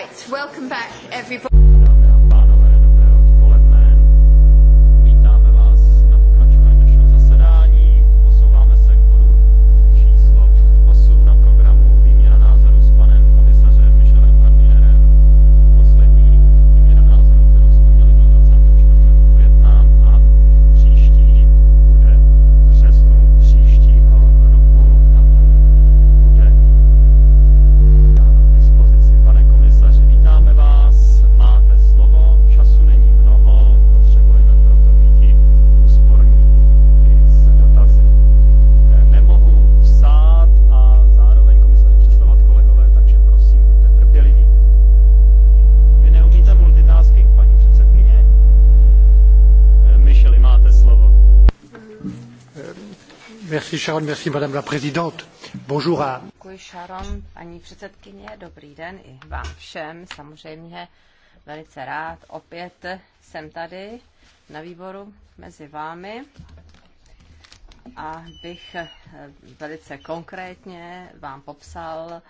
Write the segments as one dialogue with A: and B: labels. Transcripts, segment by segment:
A: Right, welcome back everybody.
B: Merci Sharon, merci Madame la Présidente. Bonjour à...
C: Děkuji Sharon, paní předsedkyně, dobrý den i vám všem. Samozřejmě velice rád. Opět jsem tady na výboru mezi vámi a bych eh, velice konkrétně vám popsal,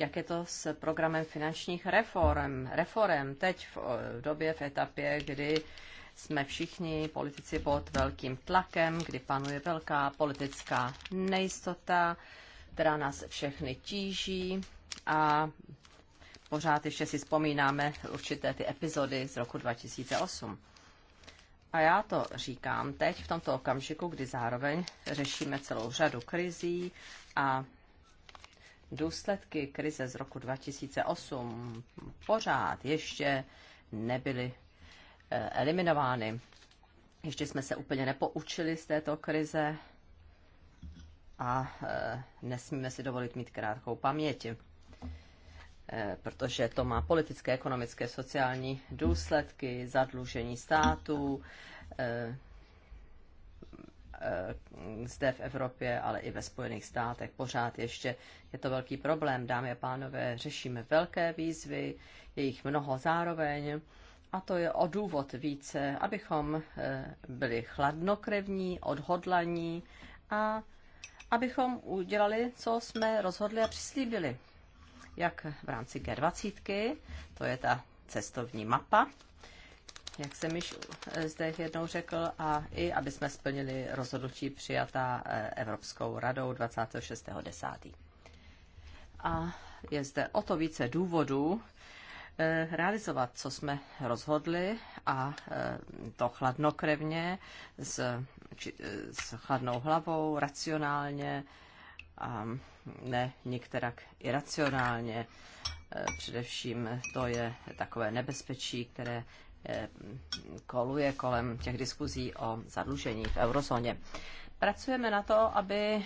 C: jak je to s programem finančních reform. Reform teď v době, v etapě, kdy jsme všichni politici pod velkým tlakem, kdy panuje velká politická nejistota, která nás všechny tíží a pořád ještě si vzpomínáme určité ty epizody z roku 2008. A já to říkám teď, v tomto okamžiku, kdy zároveň řešíme celou řadu krizí a důsledky krize z roku 2008 pořád ještě nebyly Eh, eliminovány. Ještě jsme se úplně nepoučili z této krize a eh, nesmíme si dovolit mít krátkou paměť, eh, protože to má politické, ekonomické, sociální důsledky, zadlužení států, zde v Evropě, ale i ve Spojených státech. Pořád ještě je to velký problém. Dámy a pánové, řešíme velké výzvy, je jich mnoho zároveň a to je o důvod více, abychom eh, byli chladnokrevní, odhodlaní a abychom udělali, co jsme rozhodli a přislíbili. Jak v rámci G20, to je ta cestovní mapa, jak jsem již eh, zde jednou řekl, a i aby jsme splnili rozhodnutí přijatá eh, Evropskou radou 26.10. A je zde o to více důvodů, Eh, realizovat, co jsme rozhodli a eh, to chladnokrevně, s, či, eh, s chladnou hlavou, racionálně a ne některak iracionálně. Především to je takové nebezpečí, které koluje kolem těch diskuzí o zadlužení v eurozóně. Pracujeme na to, aby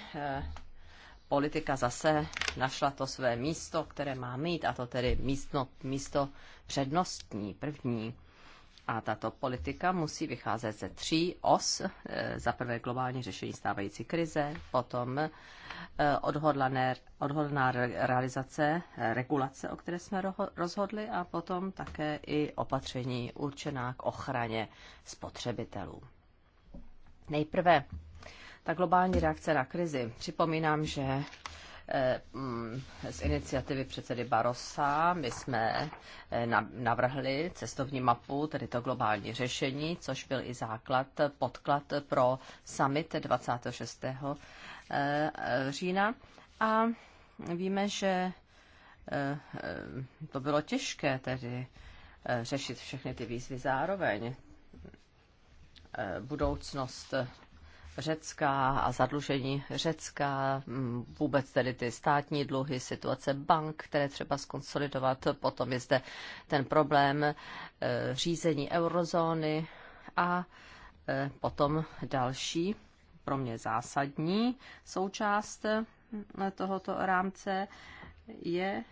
C: politika zase našla to své místo, které má mít, a to tedy místno, místo přednostní, první. A tato politika musí vycházet ze tří os. E, za prvé globální řešení stávající krize, potom e, odhodlané, odhodlaná realizace e, regulace, o které jsme rozhodli, a potom také i opatření určená k ochraně spotřebitelů. Nejprve ta globální reakce na krizi. Připomínám, že eh, mm, z iniciativy předsedy Barosa. My jsme eh, navrhli cestovní mapu, tedy to globální řešení, což byl i základ, podklad pro summit 26. Eh, října. A víme, že to bylo těžké tedy řešit všechny ty výzvy zároveň. Budoucnost Řecka a zadlužení Řecka, mm, vůbec tedy ty státní dluhy, situace bank, které třeba skonsolidovat. Potom je zde ten problém e, řízení eurozóny a e, potom další, pro mě zásadní součást mm, tohoto rámce je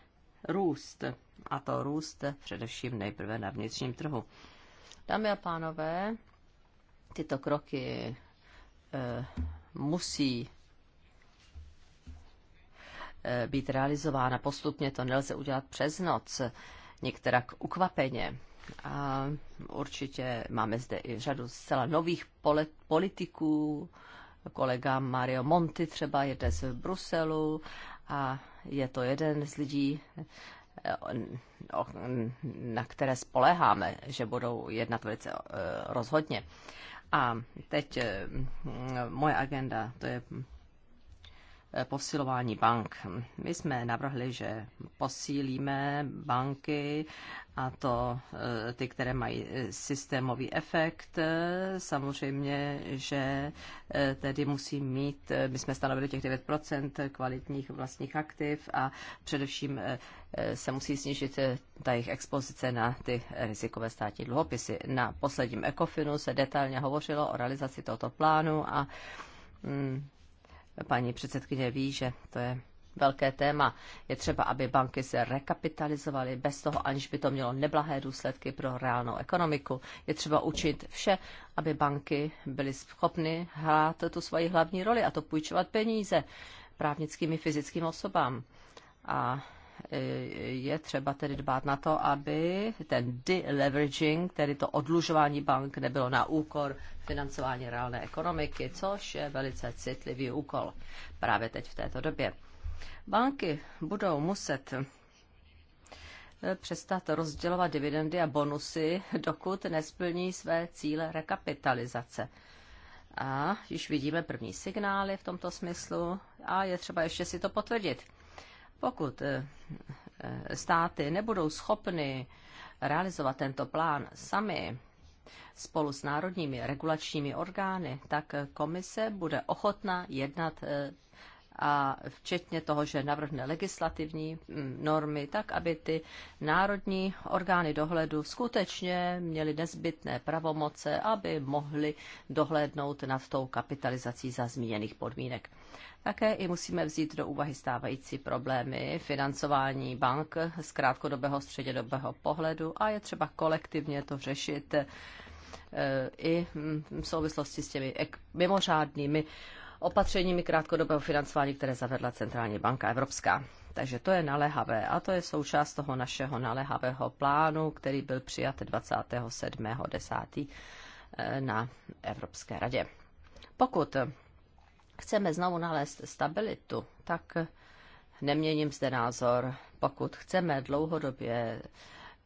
C: růst. A to růst především nejprve na vnitřním trhu. Dámy a pánové, tyto kroky musí eh, být realizována postupně, to nelze udělat přes noc, k ukvapeně. A určitě máme zde i řadu zcela nových politiků, kolega Mario Monti třeba je dnes v Bruselu a je to jeden z lidí, eh, na které spoleháme, že budou jednat velice eh, rozhodně. A teď eh, moje agenda, to je Eh, posilování bank. My jsme navrhli, že posílíme banky a to eh, ty, které mají eh, systémový efekt. Samozřejmě, že tedy musí mít, my jsme stanovili těch 9% kvalitních vlastních aktiv a především se musí snížit ta jejich expozice na ty rizikové státní dluhopisy. Na posledním ECOFINu se detailně hovořilo o realizaci tohoto plánu a mm, paní předsedkyně ví, že to je velké téma. Je třeba, aby banky se rekapitalizovaly bez toho, aniž by to mělo neblahé důsledky pro reálnou ekonomiku. Je třeba učit vše, aby banky byly schopny hrát tu svoji hlavní roli a to půjčovat peníze právnickým i fyzickým osobám. A je třeba tedy dbát na to, aby ten deleveraging, tedy to odlužování bank, nebylo na úkor financování reálné ekonomiky, což je velice citlivý úkol právě teď v této době. Banky budou muset eh, přestat rozdělovat dividendy a bonusy, dokud nesplní své cíle rekapitalizace. A již vidíme první signály v tomto smyslu a je třeba ještě si to potvrdit. Pokud eh, eh, státy nebudou schopny realizovat tento plán sami spolu s národními regulačními orgány, tak komise bude ochotna jednat eh, a včetně toho, že navrhne legislativní mm, normy, tak aby ty národní orgány dohledu skutečně měly nezbytné pravomoce, aby mohly dohlédnout nad tou kapitalizací za zmíněných podmínek. Také i musíme vzít do úvahy stávající problémy financování bank z krátkodobého, středědobého pohledu a je třeba kolektivně to řešit eh, i v souvislosti s těmi mimořádnými opatřeními krátkodobého financování, které zavedla Centrální banka Evropská. Takže to je naléhavé a to je součást toho našeho naléhavého plánu, který byl přijat 27.10. Eh, na Evropské radě. Pokud chceme znovu nalézt stabilitu, tak neměním zde názor. Pokud chceme dlouhodobě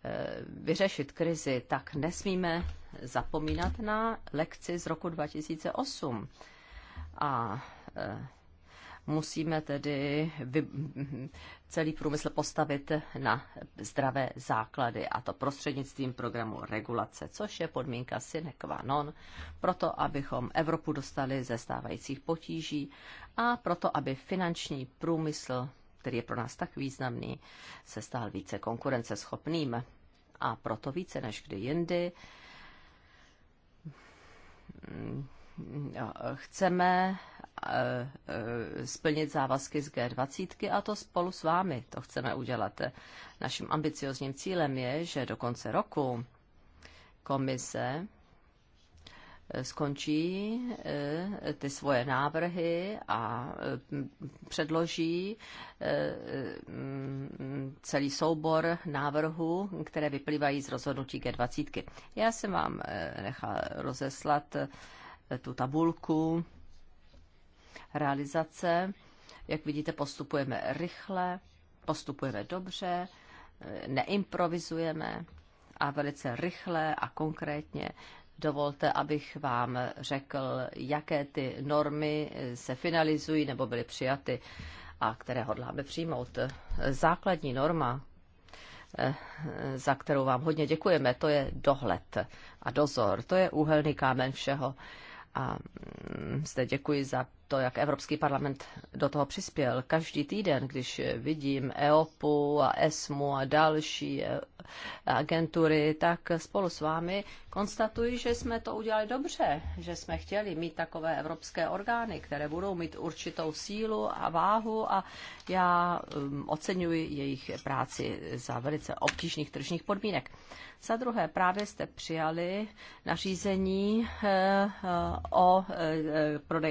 C: eh, vyřešit krizi, tak nesmíme zapomínat na lekci z roku 2008. A eh, musíme tedy vy, celý průmysl postavit na zdravé základy a to prostřednictvím programu regulace, což je podmínka sine qua non, proto abychom Evropu dostali ze stávajících potíží a proto, aby finanční průmysl, který je pro nás tak významný, se stal více konkurenceschopným. A proto více než kdy jindy No, chceme eh, eh, splnit závazky z G20 a to spolu s vámi. To chceme udělat. Naším ambiciozním cílem je, že do konce roku komise eh, skončí ty svoje návrhy a předloží celý soubor návrhů, které vyplývají z rozhodnutí G20. Já jsem vám nechal rozeslat tu tabulku realizace. Jak vidíte, postupujeme rychle, postupujeme dobře, neimprovizujeme a velice rychle a konkrétně Dovolte, abych vám řekl, jaké ty normy se finalizují nebo byly přijaty a které hodláme přijmout. Základní norma, eh, za kterou vám hodně děkujeme, to je dohled a dozor. To je úhelný kámen všeho a mm, zde děkuji za to, jak Evropský parlament do toho přispěl. Každý týden, když vidím EOPu a ESMu a další eh, agentury, tak spolu s vámi konstatuji, že jsme to udělali dobře, že jsme chtěli mít takové evropské orgány, které budou mít určitou sílu a váhu a já hm, oceňuji jejich práci za velice obtížných tržních podmínek. Za druhé, právě jste přijali nařízení eh, eh, o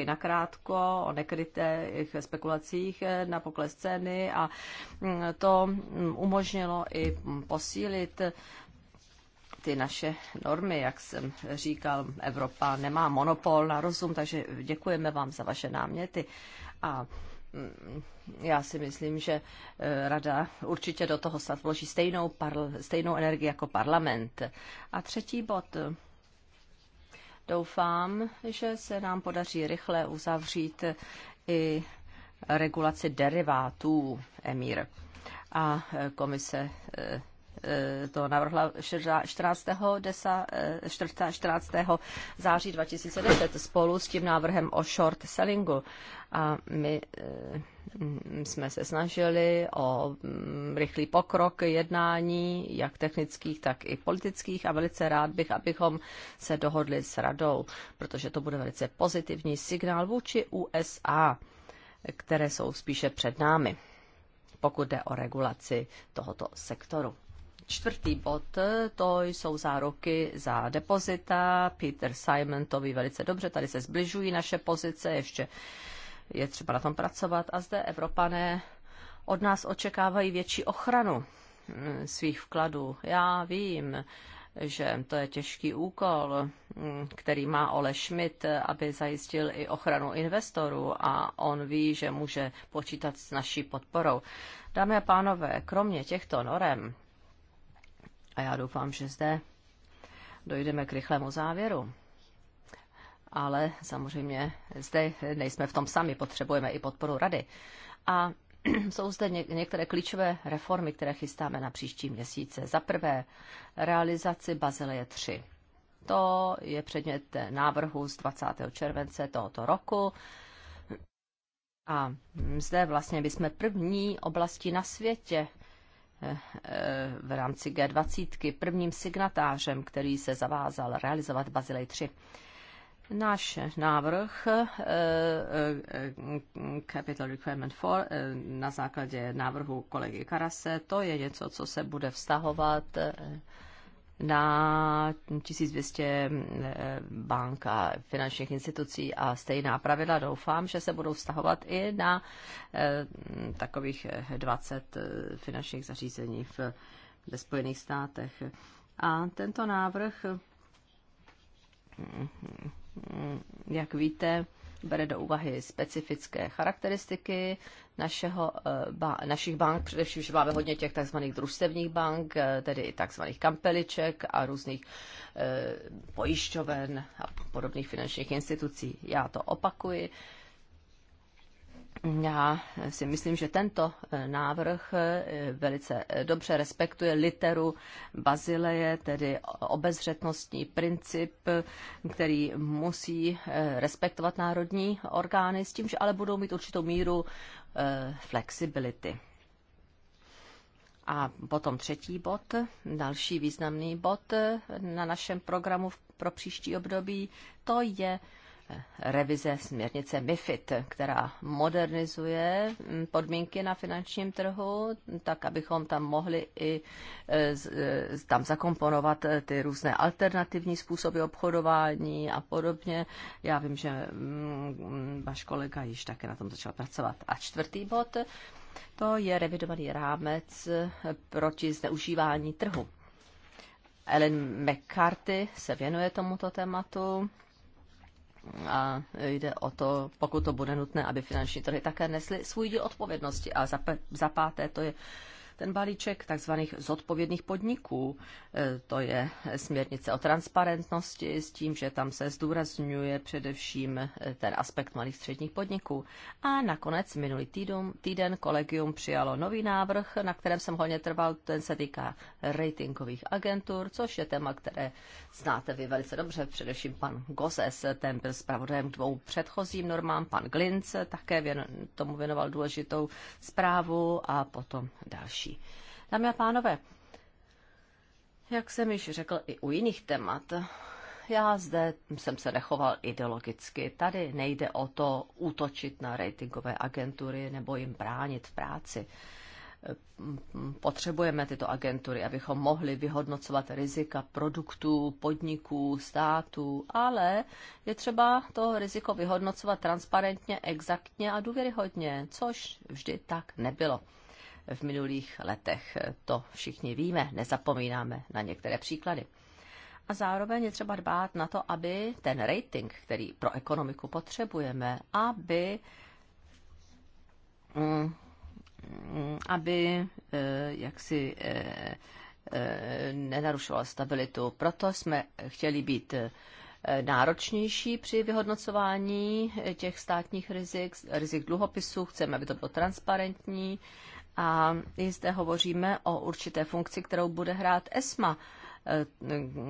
C: na krátku riziko o nekrytých spekulacích na pokles ceny a mm, to mm, umožnilo i posílit ty naše normy, jak jsem říkal, Evropa nemá monopol na rozum, takže děkujeme vám za vaše náměty. A mm, já si myslím, že e, rada určitě do toho snad vloží stejnou, parl, stejnou energii jako parlament. A třetí bod, Doufám, že se nám podaří rychle uzavřít i regulaci derivátů EMIR. A e, komise e, Eh, to navrhla 14. 10, 14. září 2010 spolu s tím návrhem o short sellingu. A my eh, mm, jsme se snažili o mm, rychlý pokrok jednání, jak technických, tak i politických a velice rád bych, abychom se dohodli s radou, protože to bude velice pozitivní signál vůči USA, které jsou spíše před námi pokud jde o regulaci tohoto sektoru. Čtvrtý bod, to jsou záruky za depozita. Peter Simon to ví velice dobře, tady se zbližují naše pozice, ještě je třeba na tom pracovat. A zde Evropané od nás očekávají větší ochranu mm, svých vkladů. Já vím, že to je těžký úkol, mm, který má Ole Schmidt, aby zajistil i ochranu investorů a on ví, že může počítat s naší podporou. Dámy a pánové, kromě těchto norem, a já doufám, že zde dojdeme k rychlému závěru. Ale samozřejmě zde nejsme v tom sami, potřebujeme i podporu rady. A jsou zde některé klíčové reformy, které chystáme na příští měsíce. Za prvé, realizaci Bazileje 3. To je předmět návrhu z 20. července tohoto roku. A zde vlastně bychom jsme první oblasti na světě, v rámci G20 prvním signatářem, který se zavázal realizovat Bazilej 3. Náš návrh eh, eh, Capital Requirement 4 eh, na základě návrhu kolegy Karase, to je něco, co se bude vztahovat na 1200 eh, bank a finančních institucí a stejná pravidla doufám, že se budou vztahovat i na eh, takových 20 eh, finančních zařízení v, ve Spojených státech. A tento návrh, mm, mm, jak víte, bere do úvahy specifické charakteristiky našeho, eh, ba, našich bank, především, že máme hodně těch tzv. družstevních bank, eh, tedy i tzv. kampeliček a různých eh, pojišťoven a podobných finančních institucí. Já to opakuji já si myslím, že tento eh, návrh eh, velice eh, dobře respektuje literu Bazileje, tedy obezřetnostní princip, který musí respektovat národní orgány, s tím, že ale budou mít určitou míru flexibility. A potom třetí bod, další významný bod na našem programu pro příští období, to je revize směrnice MIFID, která modernizuje mm, podmínky na finančním trhu, tak abychom tam mohli i e, e, tam zakomponovat e, ty různé alternativní způsoby obchodování a podobně. Já vím, že mm, váš kolega již také na tom začal pracovat. A čtvrtý bod, to je revidovaný rámec proti zneužívání trhu. Ellen McCarthy se věnuje tomuto tématu a jde o to, pokud to bude nutné, aby finanční trhy také nesly svůj díl odpovědnosti. A za, za páté to je ten balíček tzv. zodpovědných podniků. E, to je směrnice o transparentnosti s tím, že tam se zdůrazňuje především e, ten aspekt malých středních podniků. A nakonec minulý týden, týden kolegium přijalo nový návrh, na kterém jsem hodně trval, ten se týká ratingových agentur, což je téma, které znáte vy velice dobře, především pan Gozes, ten byl zpravodajem dvou předchozím normám, pan Glinc také věno, tomu věnoval důležitou zprávu a potom další lepší. Dámy a pánové, jak jsem již řekl i u jiných témat, já zde jsem se nechoval ideologicky. Tady nejde o to útočit na ratingové agentury nebo jim bránit v práci. Potřebujeme tyto agentury, abychom mohli vyhodnocovat rizika produktů, podniků, států, ale je třeba to riziko vyhodnocovat transparentně, exaktně a důvěryhodně, což vždy tak nebylo v minulých letech. To všichni víme, nezapomínáme na některé příklady. A zároveň je třeba dbát na to, aby ten rating, který pro ekonomiku potřebujeme, aby mm, aby eh, jaksi eh, eh, nenarušoval stabilitu. Proto jsme chtěli být náročnější při vyhodnocování těch státních rizik, rizik dluhopisů. Chceme, aby to bylo transparentní a i zde hovoříme o určité funkci, kterou bude hrát ESMA, eh,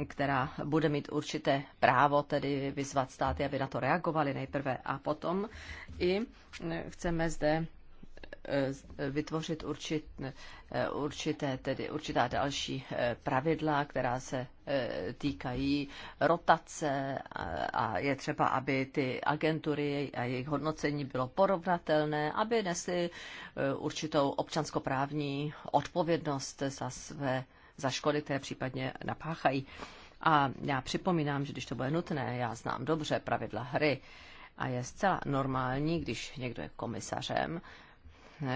C: která bude mít určité právo tedy vyzvat státy, aby na to reagovali nejprve. A potom i eh, chceme zde Eh, vytvořit určit, eh, určité, tedy určitá další eh, pravidla, která se týkají rotace a je třeba, aby ty agentury a jejich hodnocení bylo porovnatelné, aby nesly určitou občanskoprávní odpovědnost za své za škody, které případně napáchají. A já připomínám, že když to bude nutné, já znám dobře pravidla hry a je zcela normální, když někdo je komisařem,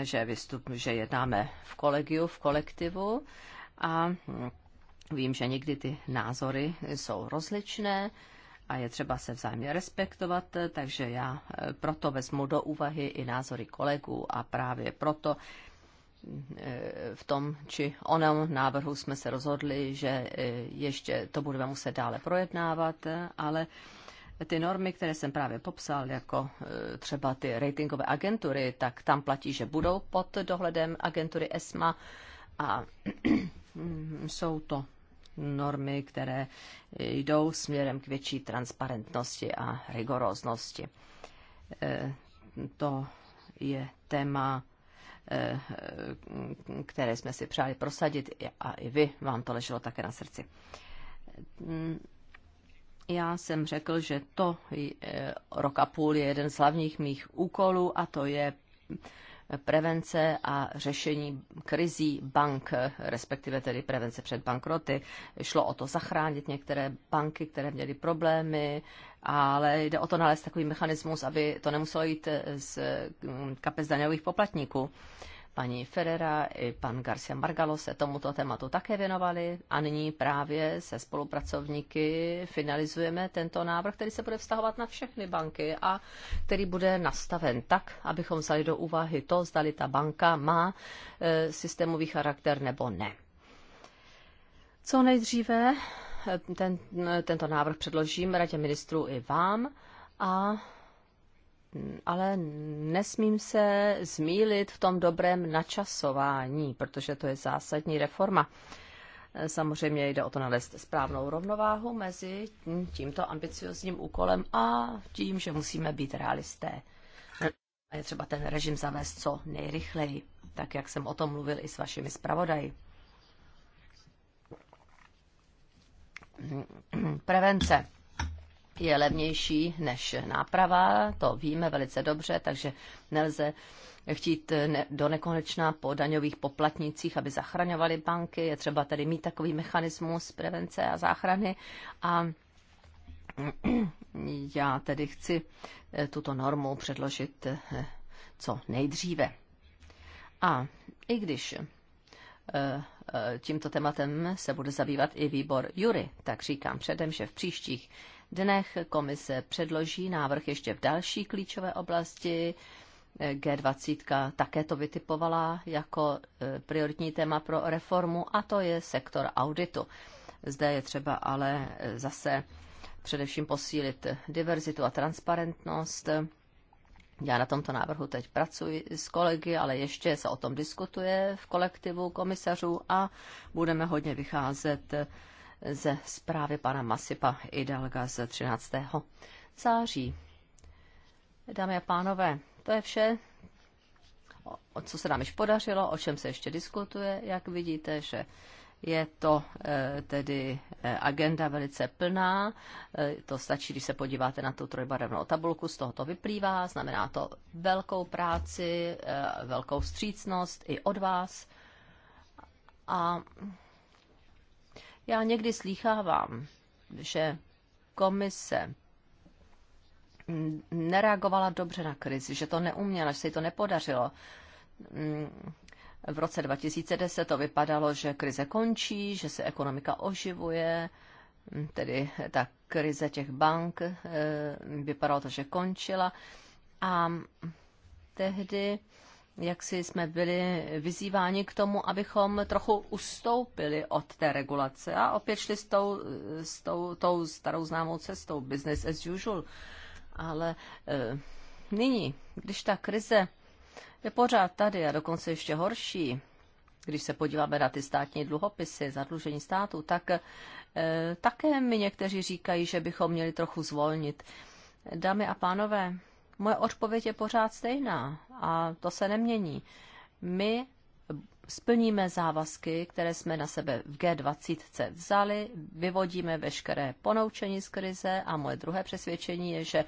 C: že, vystup, že jednáme v kolegiu, v kolektivu a vím, že někdy ty názory jsou rozličné a je třeba se vzájemně respektovat, takže já eh, proto vezmu do úvahy i názory kolegů a právě proto eh, v tom či onom návrhu jsme se rozhodli, že eh, ještě to budeme muset dále projednávat, ale ty normy, které jsem právě popsal, jako e, třeba ty ratingové agentury, tak tam platí, že budou pod dohledem agentury ESMA a jsou to normy, které jdou směrem k větší transparentnosti a rigoróznosti. E, to je téma, e, které jsme si přáli prosadit a i vy vám to leželo také na srdci já jsem řekl, že to eh, rok a půl je jeden z hlavních mých úkolů a to je prevence a řešení krizí bank, respektive tedy prevence před bankroty. Šlo o to zachránit některé banky, které měly problémy, ale jde o to nalézt takový mechanismus, aby to nemuselo jít z mm, kapes daňových poplatníků paní Ferrera i pan Garcia Margalo se tomuto tématu také věnovali a nyní právě se spolupracovníky finalizujeme tento návrh, který se bude vztahovat na všechny banky a který bude nastaven tak, abychom vzali do úvahy to, zdali ta banka má e, systémový charakter nebo ne. Co nejdříve e, ten, e, tento návrh předložím radě ministrů i vám a ale nesmím se zmílit v tom dobrém načasování, protože to je zásadní reforma. Samozřejmě jde o to nalézt správnou rovnováhu mezi tímto ambiciozním úkolem a tím, že musíme být realisté. A je třeba ten režim zavést co nejrychleji, tak jak jsem o tom mluvil i s vašimi zpravodaji. Prevence je levnější než náprava, to víme velice dobře, takže nelze chtít ne, do nekonečna po daňových poplatnicích, aby zachraňovali banky. Je třeba tedy mít takový mechanismus prevence a záchrany. A já tedy chci eh, tuto normu předložit eh, co nejdříve. A i když eh, tímto tématem se bude zabývat i výbor Jury, tak říkám předem, že v příštích dnech. Komise předloží návrh ještě v další klíčové oblasti. G20 také to vytipovala jako e, prioritní téma pro reformu a to je sektor auditu. Zde je třeba ale e, zase především posílit diverzitu a transparentnost. Já na tomto návrhu teď pracuji s kolegy, ale ještě se o tom diskutuje v kolektivu komisařů a budeme hodně vycházet ze zprávy pana Masipa Idalga z 13. září. Dámy a pánové, to je vše, o co se nám již podařilo, o čem se ještě diskutuje. Jak vidíte, že je to eh, tedy eh, agenda velice plná. Eh, to stačí, když se podíváte na tu trojbarevnou tabulku, z toho to vyplývá. Znamená to velkou práci, velkou střícnost i od vás. A já někdy slýchávám, že komise nereagovala dobře na krizi, že to neuměla, že se jí to nepodařilo. V roce 2010 to vypadalo, že krize končí, že se ekonomika oživuje, tedy ta krize těch bank, eh, vypadalo to, že končila. A tehdy jak si jsme byli vyzýváni k tomu, abychom trochu ustoupili od té regulace a opět šli s tou, s tou, tou starou známou cestou, business as usual. Ale e, nyní, když ta krize je pořád tady a dokonce ještě horší, když se podíváme na ty státní dluhopisy, zadlužení státu, tak e, také mi někteří říkají, že bychom měli trochu zvolnit. Dámy a pánové, Moje odpověď je pořád stejná a to se nemění. My splníme závazky, které jsme na sebe v G20 vzali, vyvodíme veškeré ponoučení z krize a moje druhé přesvědčení je, že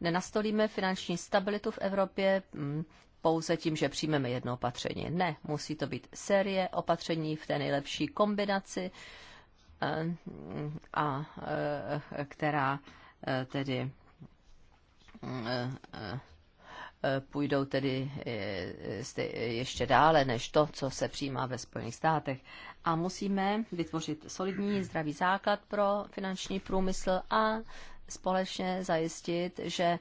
C: nenastolíme finanční stabilitu v Evropě mm, pouze tím, že přijmeme jedno opatření. Ne, musí to být série opatření v té nejlepší kombinaci, eh, a, a eh, která eh, tedy půjdou tedy eh, ještě dále než to, co se přijímá ve Spojených státech. A musíme vytvořit solidní, zdravý základ pro finanční průmysl a společně zajistit, že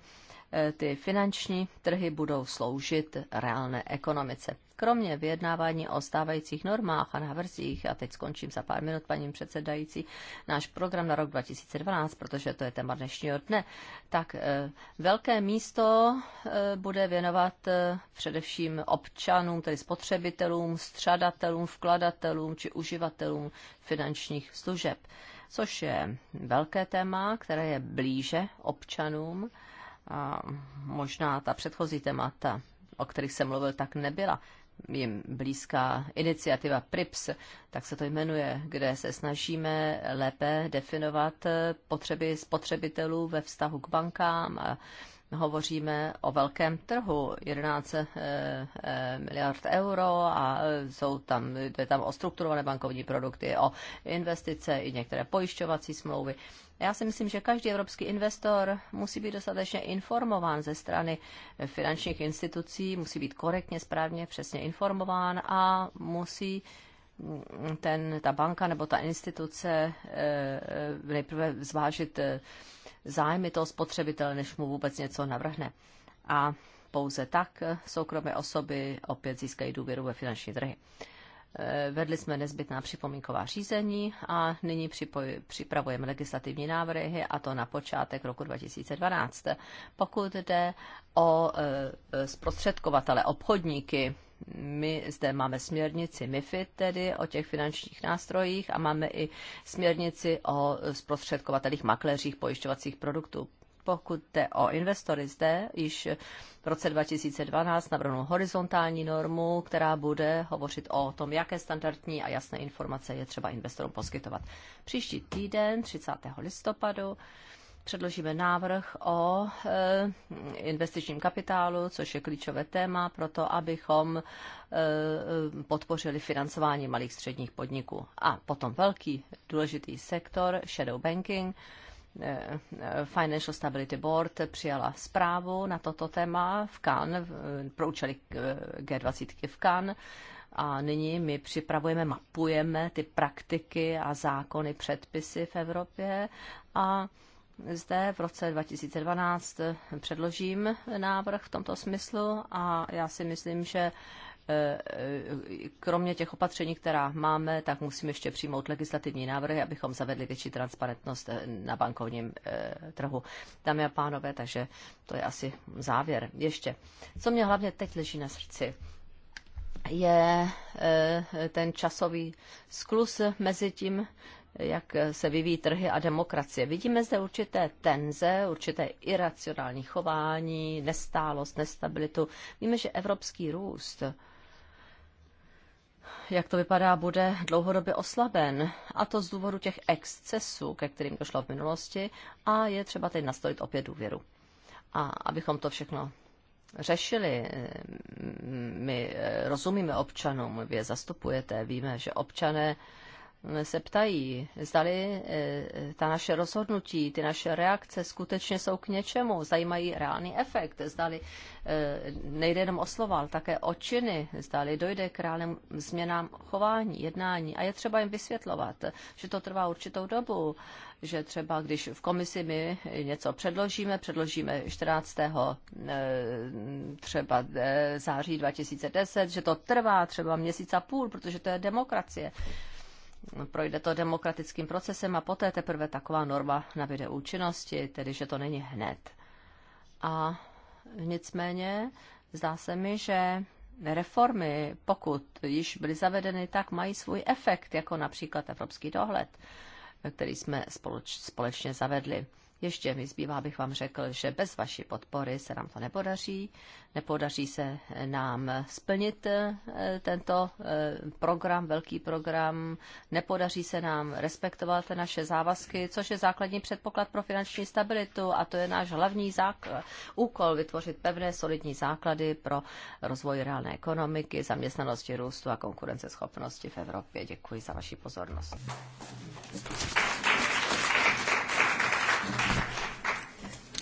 C: eh, ty finanční trhy budou sloužit reálné ekonomice. Kromě vyjednávání o stávajících normách a návrzích, a teď skončím za pár minut, paní předsedající, náš program na rok 2012, protože to je téma dnešního dne, tak eh, velké místo eh, bude věnovat eh, především občanům, tedy spotřebitelům, střadatelům, vkladatelům či uživatelům finančních služeb, což je velké téma, které je blíže občanům. A možná ta předchozí témata o kterých jsem mluvil, tak nebyla jim blízká iniciativa PRIPS, tak se to jmenuje, kde se snažíme lépe definovat potřeby spotřebitelů ve vztahu k bankám a hovoříme o velkém trhu, 11 eh, eh, miliard euro a jsou tam, to je tam o strukturované bankovní produkty, o investice i některé pojišťovací smlouvy. Já si myslím, že každý evropský investor musí být dostatečně informován ze strany finančních institucí, musí být korektně, správně, přesně informován a musí mm, ten, ta banka nebo ta instituce eh, nejprve zvážit zájmy toho spotřebitele, než mu vůbec něco navrhne. A pouze tak soukromé osoby opět získají důvěru ve finanční trhy. Eh, vedli jsme nezbytná připomínková řízení a nyní připoj, připravujeme legislativní návrhy, a to na počátek roku 2012. Pokud jde o eh, eh, zprostředkovatele, obchodníky, my zde máme směrnici MIFID, tedy o těch finančních nástrojích a máme i směrnici o zprostředkovatelích, makléřích pojišťovacích produktů. Pokud jde o investory zde, již v roce 2012 navrhnul horizontální normu, která bude hovořit o tom, jaké standardní a jasné informace je třeba investorům poskytovat. Příští týden, 30. listopadu, předložíme návrh o eh, investičním kapitálu, což je klíčové téma pro to, abychom eh, podpořili financování malých středních podniků. A potom velký důležitý sektor, shadow banking, eh, Financial Stability Board přijala zprávu na toto téma v Cannes, pro účely G20 v Cannes. A nyní my připravujeme, mapujeme ty praktiky a zákony, předpisy v Evropě a zde v roce 2012 předložím návrh v tomto smyslu a já si myslím, že e, kromě těch opatření, která máme, tak musíme ještě přijmout legislativní návrhy, abychom zavedli větší transparentnost e, na bankovním e, trhu. Dámy a pánové, takže to je asi závěr. Ještě, co mě hlavně teď leží na srdci, je ten časový sklus mezi tím, jak se vyvíjí trhy a demokracie. Vidíme zde určité tenze, určité iracionální chování, nestálost, nestabilitu. Víme, že evropský růst, jak to vypadá, bude dlouhodobě oslaben. A to z důvodu těch excesů, ke kterým došlo v minulosti. A je třeba teď nastolit opět důvěru. A abychom to všechno řešili. My eh, rozumíme občanům, vy je zastupujete, víme, že občané se ptají, zdali e, ta naše rozhodnutí, ty naše reakce skutečně jsou k něčemu, zajímají reálný efekt, zdali e, nejde jenom o slova, ale také o činy, zdali dojde k reálným změnám chování, jednání a je třeba jim vysvětlovat, že to trvá určitou dobu, že třeba když v komisi my něco předložíme, předložíme 14. E, třeba září 2010, že to trvá třeba měsíc a půl, protože to je demokracie projde to demokratickým procesem a poté teprve taková norma nabíde účinnosti, tedy že to není hned. A nicméně zdá se mi, že reformy, pokud již byly zavedeny, tak mají svůj efekt, jako například evropský dohled, který jsme společně zavedli. Ještě mi zbývá, abych vám řekl, že bez vaší podpory se nám to nepodaří. Nepodaří se nám splnit eh, tento eh, program, velký program. Nepodaří se nám respektovat naše závazky, což je základní předpoklad pro finanční stabilitu a to je náš hlavní úkol vytvořit pevné, solidní základy pro rozvoj reálné ekonomiky, zaměstnanosti, růstu a konkurenceschopnosti v Evropě. Děkuji za vaši pozornost.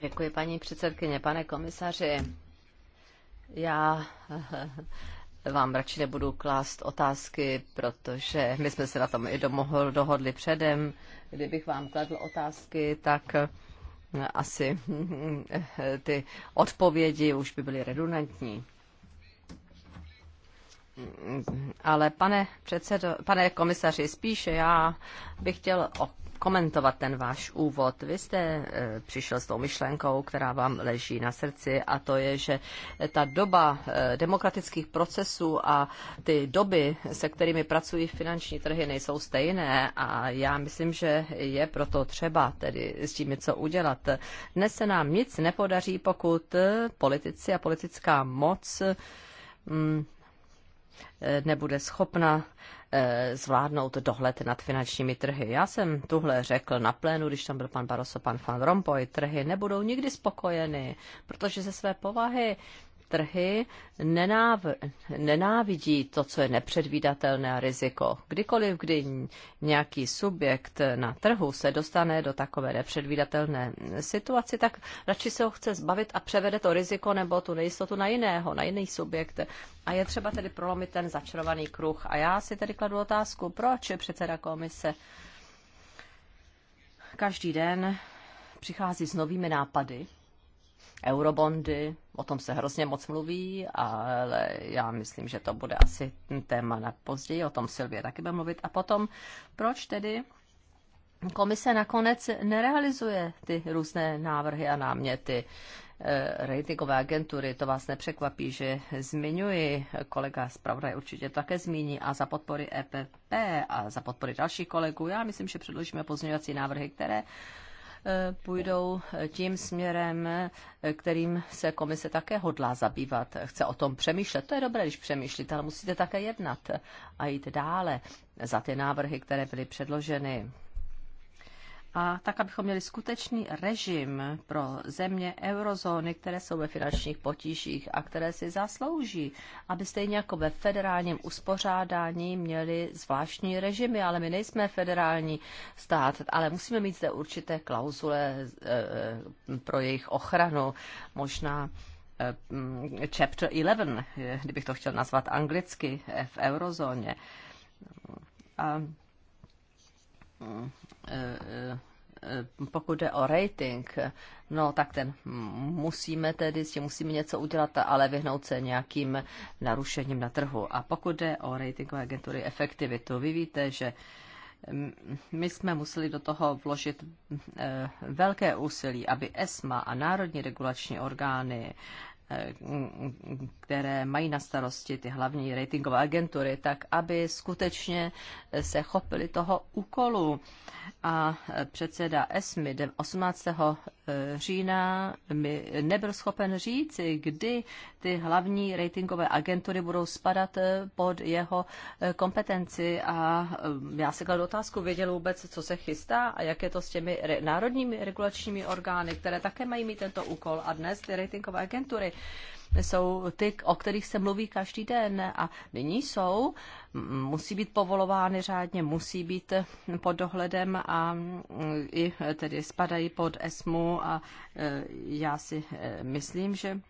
C: Děkuji, paní předsedkyně. Pane komisaři, já eh, vám radši nebudu klást otázky, protože my jsme se na tom i dohodli předem. Kdybych vám kladl otázky, tak eh, asi eh, ty odpovědi už by byly redundantní. Ale pane, předsedo, pane komisaři, spíše já bych chtěl komentovat ten váš úvod. Vy jste e, přišel s tou myšlenkou, která vám leží na srdci, a to je, že ta doba e, demokratických procesů a ty doby, se kterými pracují finanční trhy, nejsou stejné a já myslím, že je proto třeba tedy s tím něco udělat. Dnes se nám nic nepodaří, pokud politici a politická moc mm, e, nebude schopna Eh, zvládnout dohled nad finančními trhy. Já jsem tuhle řekl na plénu, když tam byl pan Barroso, pan Van Rompuy, trhy nebudou nikdy spokojeny, protože ze své povahy trhy nenáv, nenávidí to, co je nepředvídatelné a riziko. Kdykoliv, kdy nějaký subjekt na trhu se dostane do takové nepředvídatelné situaci, tak radši se ho chce zbavit a převede to riziko nebo tu nejistotu na jiného, na jiný subjekt. A je třeba tedy prolomit ten začarovaný kruh. A já si tedy kladu otázku, proč předseda komise každý den přichází s novými nápady, eurobondy, o tom se hrozně moc mluví, ale já myslím, že to bude asi téma na později, o tom Silvě taky bude mluvit. A potom, proč tedy komise nakonec nerealizuje ty různé návrhy a náměty e, ratingové agentury, to vás nepřekvapí, že zmiňuji, kolega zpravodaj určitě také zmíní, a za podpory EPP a za podpory dalších kolegů, já myslím, že předložíme pozměňovací návrhy, které Eh, půjdou eh, tím směrem, eh, kterým se komise také hodlá zabývat. Chce o tom přemýšlet. To je dobré, když přemýšlíte, ale musíte také jednat a jít dále za ty návrhy, které byly předloženy a tak, abychom měli skutečný režim pro země eurozóny, které jsou ve finančních potížích a které si zaslouží, aby stejně jako ve federálním uspořádání měli zvláštní režimy, ale my nejsme federální stát, ale musíme mít zde určité klauzule eh, eh, pro jejich ochranu, možná eh, mm, chapter 11, kdybych to chtěl nazvat anglicky, v eurozóně. A, mm, Eh, pokud jde o rating, no tak ten musíme tedy, s tím musíme něco udělat, ale vyhnout se nějakým narušením na trhu. A pokud jde o ratingové agentury efektivitu, vy víte, že mm, my jsme museli do toho vložit eh, velké úsilí, aby ESMA a národní regulační orgány které mají na starosti ty hlavní ratingové agentury, tak aby skutečně se chopili toho úkolu. A předseda ESMI 18 října mi nebyl schopen říci, kdy ty hlavní ratingové agentury budou spadat eh, pod jeho eh, kompetenci a eh, já si kladu otázku, věděl vůbec, co se chystá a jak je to s těmi národními regulačními orgány, které také mají mít tento úkol a dnes ty ratingové agentury jsou ty, o kterých se mluví každý den a nyní jsou, musí být povolovány řádně, musí být pod dohledem a i tedy spadají pod ESMu a e, já si e, myslím, že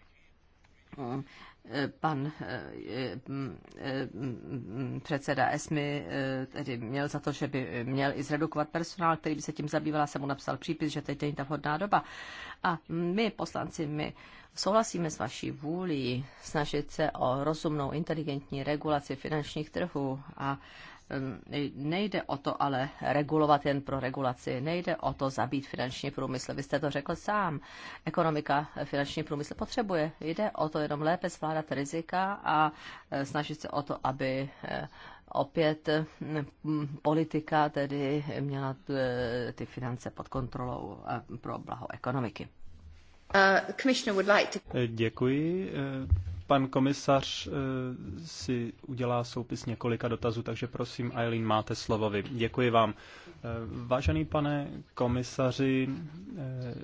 C: pan eh, eh, předseda ESMI eh, tedy měl za to, že by měl i zredukovat personál, který by se tím zabýval, se mu napsal přípis, že teď není ta vhodná doba. A my, poslanci, my souhlasíme s vaší vůlí snažit se o rozumnou, inteligentní regulaci finančních trhů a Nejde o to ale regulovat jen pro regulaci, nejde o to zabít finanční průmysl. Vy jste to řekl sám. Ekonomika eh, finanční průmysl potřebuje. Jde o to jenom lépe zvládat rizika a eh, snažit se o to, aby eh, opět mm, mm, politika tedy měla ty finance pod kontrolou pro blaho ekonomiky.
D: Uh, děkuji. Pan komisař eh, si udělá soupis několika dotazů, takže prosím, Eileen, máte slovo vy. Děkuji vám. Eh, vážený pane komisaři, eh,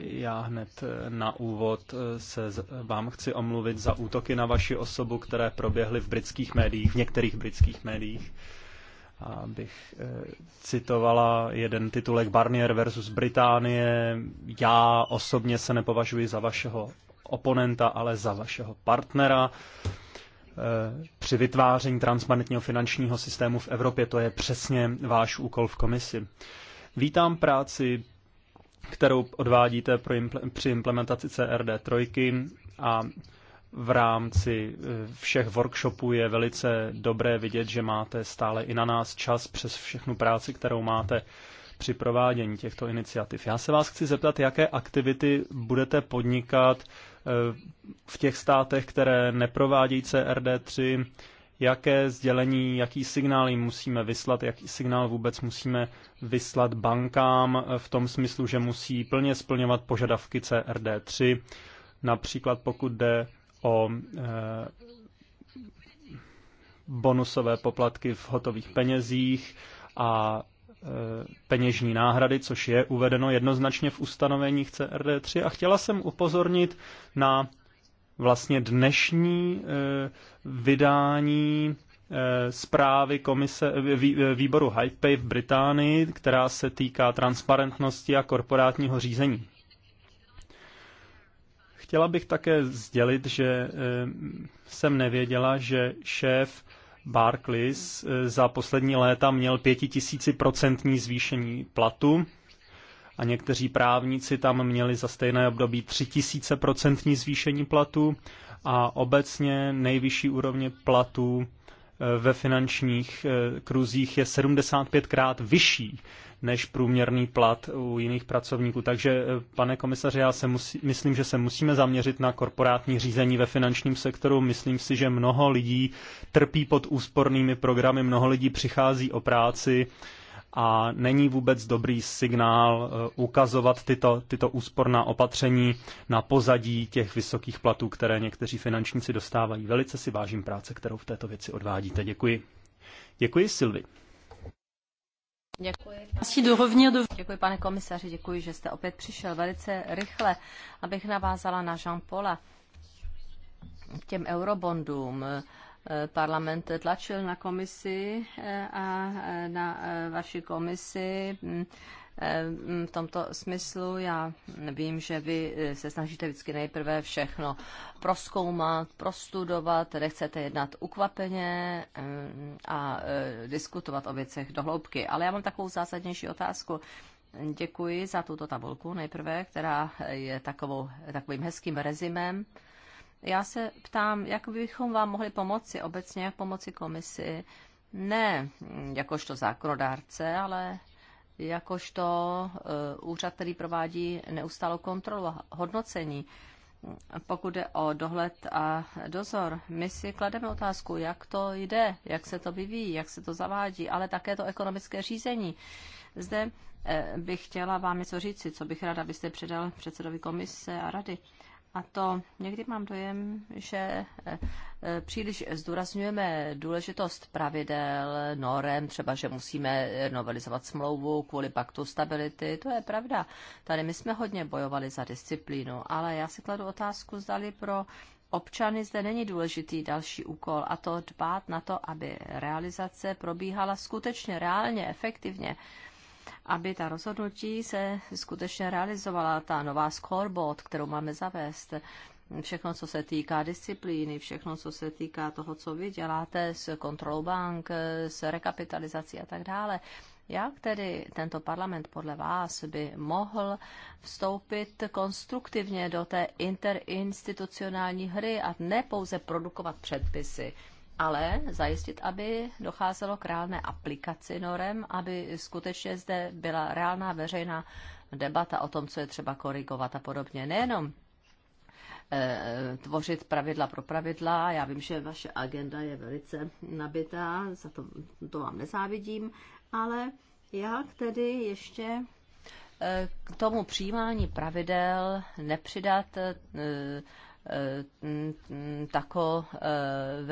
D: já hned na úvod se vám chci omluvit za útoky na vaši osobu, které proběhly v britských médiích, v některých britských médiích abych citovala jeden titulek Barnier versus Británie. Já osobně se nepovažuji za vašeho oponenta, ale za vašeho partnera e, při vytváření transparentního finančního systému v Evropě. To je přesně váš úkol v komisi. Vítám práci, kterou odvádíte při implementaci CRD3 a v rámci e, všech workshopů je velice dobré vidět, že máte stále i na nás čas přes všechnu práci, kterou máte při provádění těchto iniciativ. Já se vás chci zeptat, jaké aktivity budete podnikat Eh, v těch státech, které neprovádějí CRD3, jaké sdělení, jaký signál jim musíme vyslat, jaký signál vůbec musíme vyslat bankám eh, v tom smyslu, že musí plně splňovat požadavky CRD3, například pokud jde o eh, bonusové poplatky v hotových penězích a peněžní náhrady, což je uvedeno jednoznačně v ustanoveních CRD3 a chtěla jsem upozornit na vlastně dnešní eh, vydání eh, zprávy komise, eh, výboru HypePay v Británii, která se týká transparentnosti a korporátního řízení. Chtěla bych také sdělit, že jsem nevěděla, že šéf Barclays eh, za poslední léta měl pětitisíciprocentní zvýšení platu a někteří právníci tam měli za stejné období procentní zvýšení platu a obecně nejvyšší úrovně platů ve finančních eh, kruzích je 75 krát vyšší než průměrný plat u jiných pracovníků. Takže, eh, pane komisaře, já se musí, myslím, že se musíme zaměřit na korporátní řízení ve finančním sektoru. Myslím si, že mnoho lidí trpí pod úspornými programy, mnoho lidí přichází o práci a není vůbec dobrý signál eh, ukazovat tyto, tyto úsporná opatření na pozadí těch vysokých platů, které někteří finančníci dostávají. Velice si vážím práce, kterou v této věci odvádíte. Děkuji. Děkuji, Silvi.
C: Děkuji. Děkuji, pane komisaři, děkuji, že jste opět přišel velice rychle, abych navázala na Jean-Paula k těm eurobondům parlament tlačil na komisi eh, a eh, na eh, vaši komisi hm, hm, v tomto smyslu. Já vím, že vy se snažíte vždycky nejprve všechno proskoumat, prostudovat, nechcete jednat ukvapeně hm, a diskutovat o věcech dohloubky. Ale já mám takovou zásadnější otázku. Děkuji za tuto tabulku nejprve, která je takovou, takovým hezkým rezimem já se ptám, jak bychom vám mohli pomoci obecně, jak pomoci komisi, ne jakožto zákonodárce, ale jakožto eh, úřad, který provádí neustálou kontrolu a hodnocení. Pokud jde o dohled a dozor, my si klademe otázku, jak to jde, jak se to vyvíjí, jak se to zavádí, ale také to ekonomické řízení. Zde eh, bych chtěla vám něco říci, co bych ráda, abyste předal předsedovi komise a rady. A to někdy mám dojem, že eh, eh, příliš zdůrazňujeme důležitost pravidel, norem, třeba, že musíme novelizovat smlouvu kvůli paktu stability. To je pravda. Tady my jsme hodně bojovali za disciplínu, ale já si kladu otázku, zdali pro občany zde není důležitý další úkol, a to dbát na to, aby realizace probíhala skutečně reálně, efektivně aby ta rozhodnutí se skutečně realizovala, ta nová scoreboard, kterou máme zavést, všechno, co se týká disciplíny, všechno, co se týká toho, co vy děláte s kontrolou bank, s rekapitalizací a tak dále. Jak tedy tento parlament podle vás by mohl vstoupit konstruktivně do té interinstitucionální hry a ne pouze produkovat předpisy? ale zajistit, aby docházelo k reálné aplikaci norem, aby skutečně zde byla reálná veřejná debata o tom, co je třeba korigovat a podobně. Nejenom eh, tvořit pravidla pro pravidla. Já vím, že vaše agenda je velice nabitá, za to, to vám nezávidím, ale jak tedy ještě eh, k tomu přijímání pravidel nepřidat eh, takové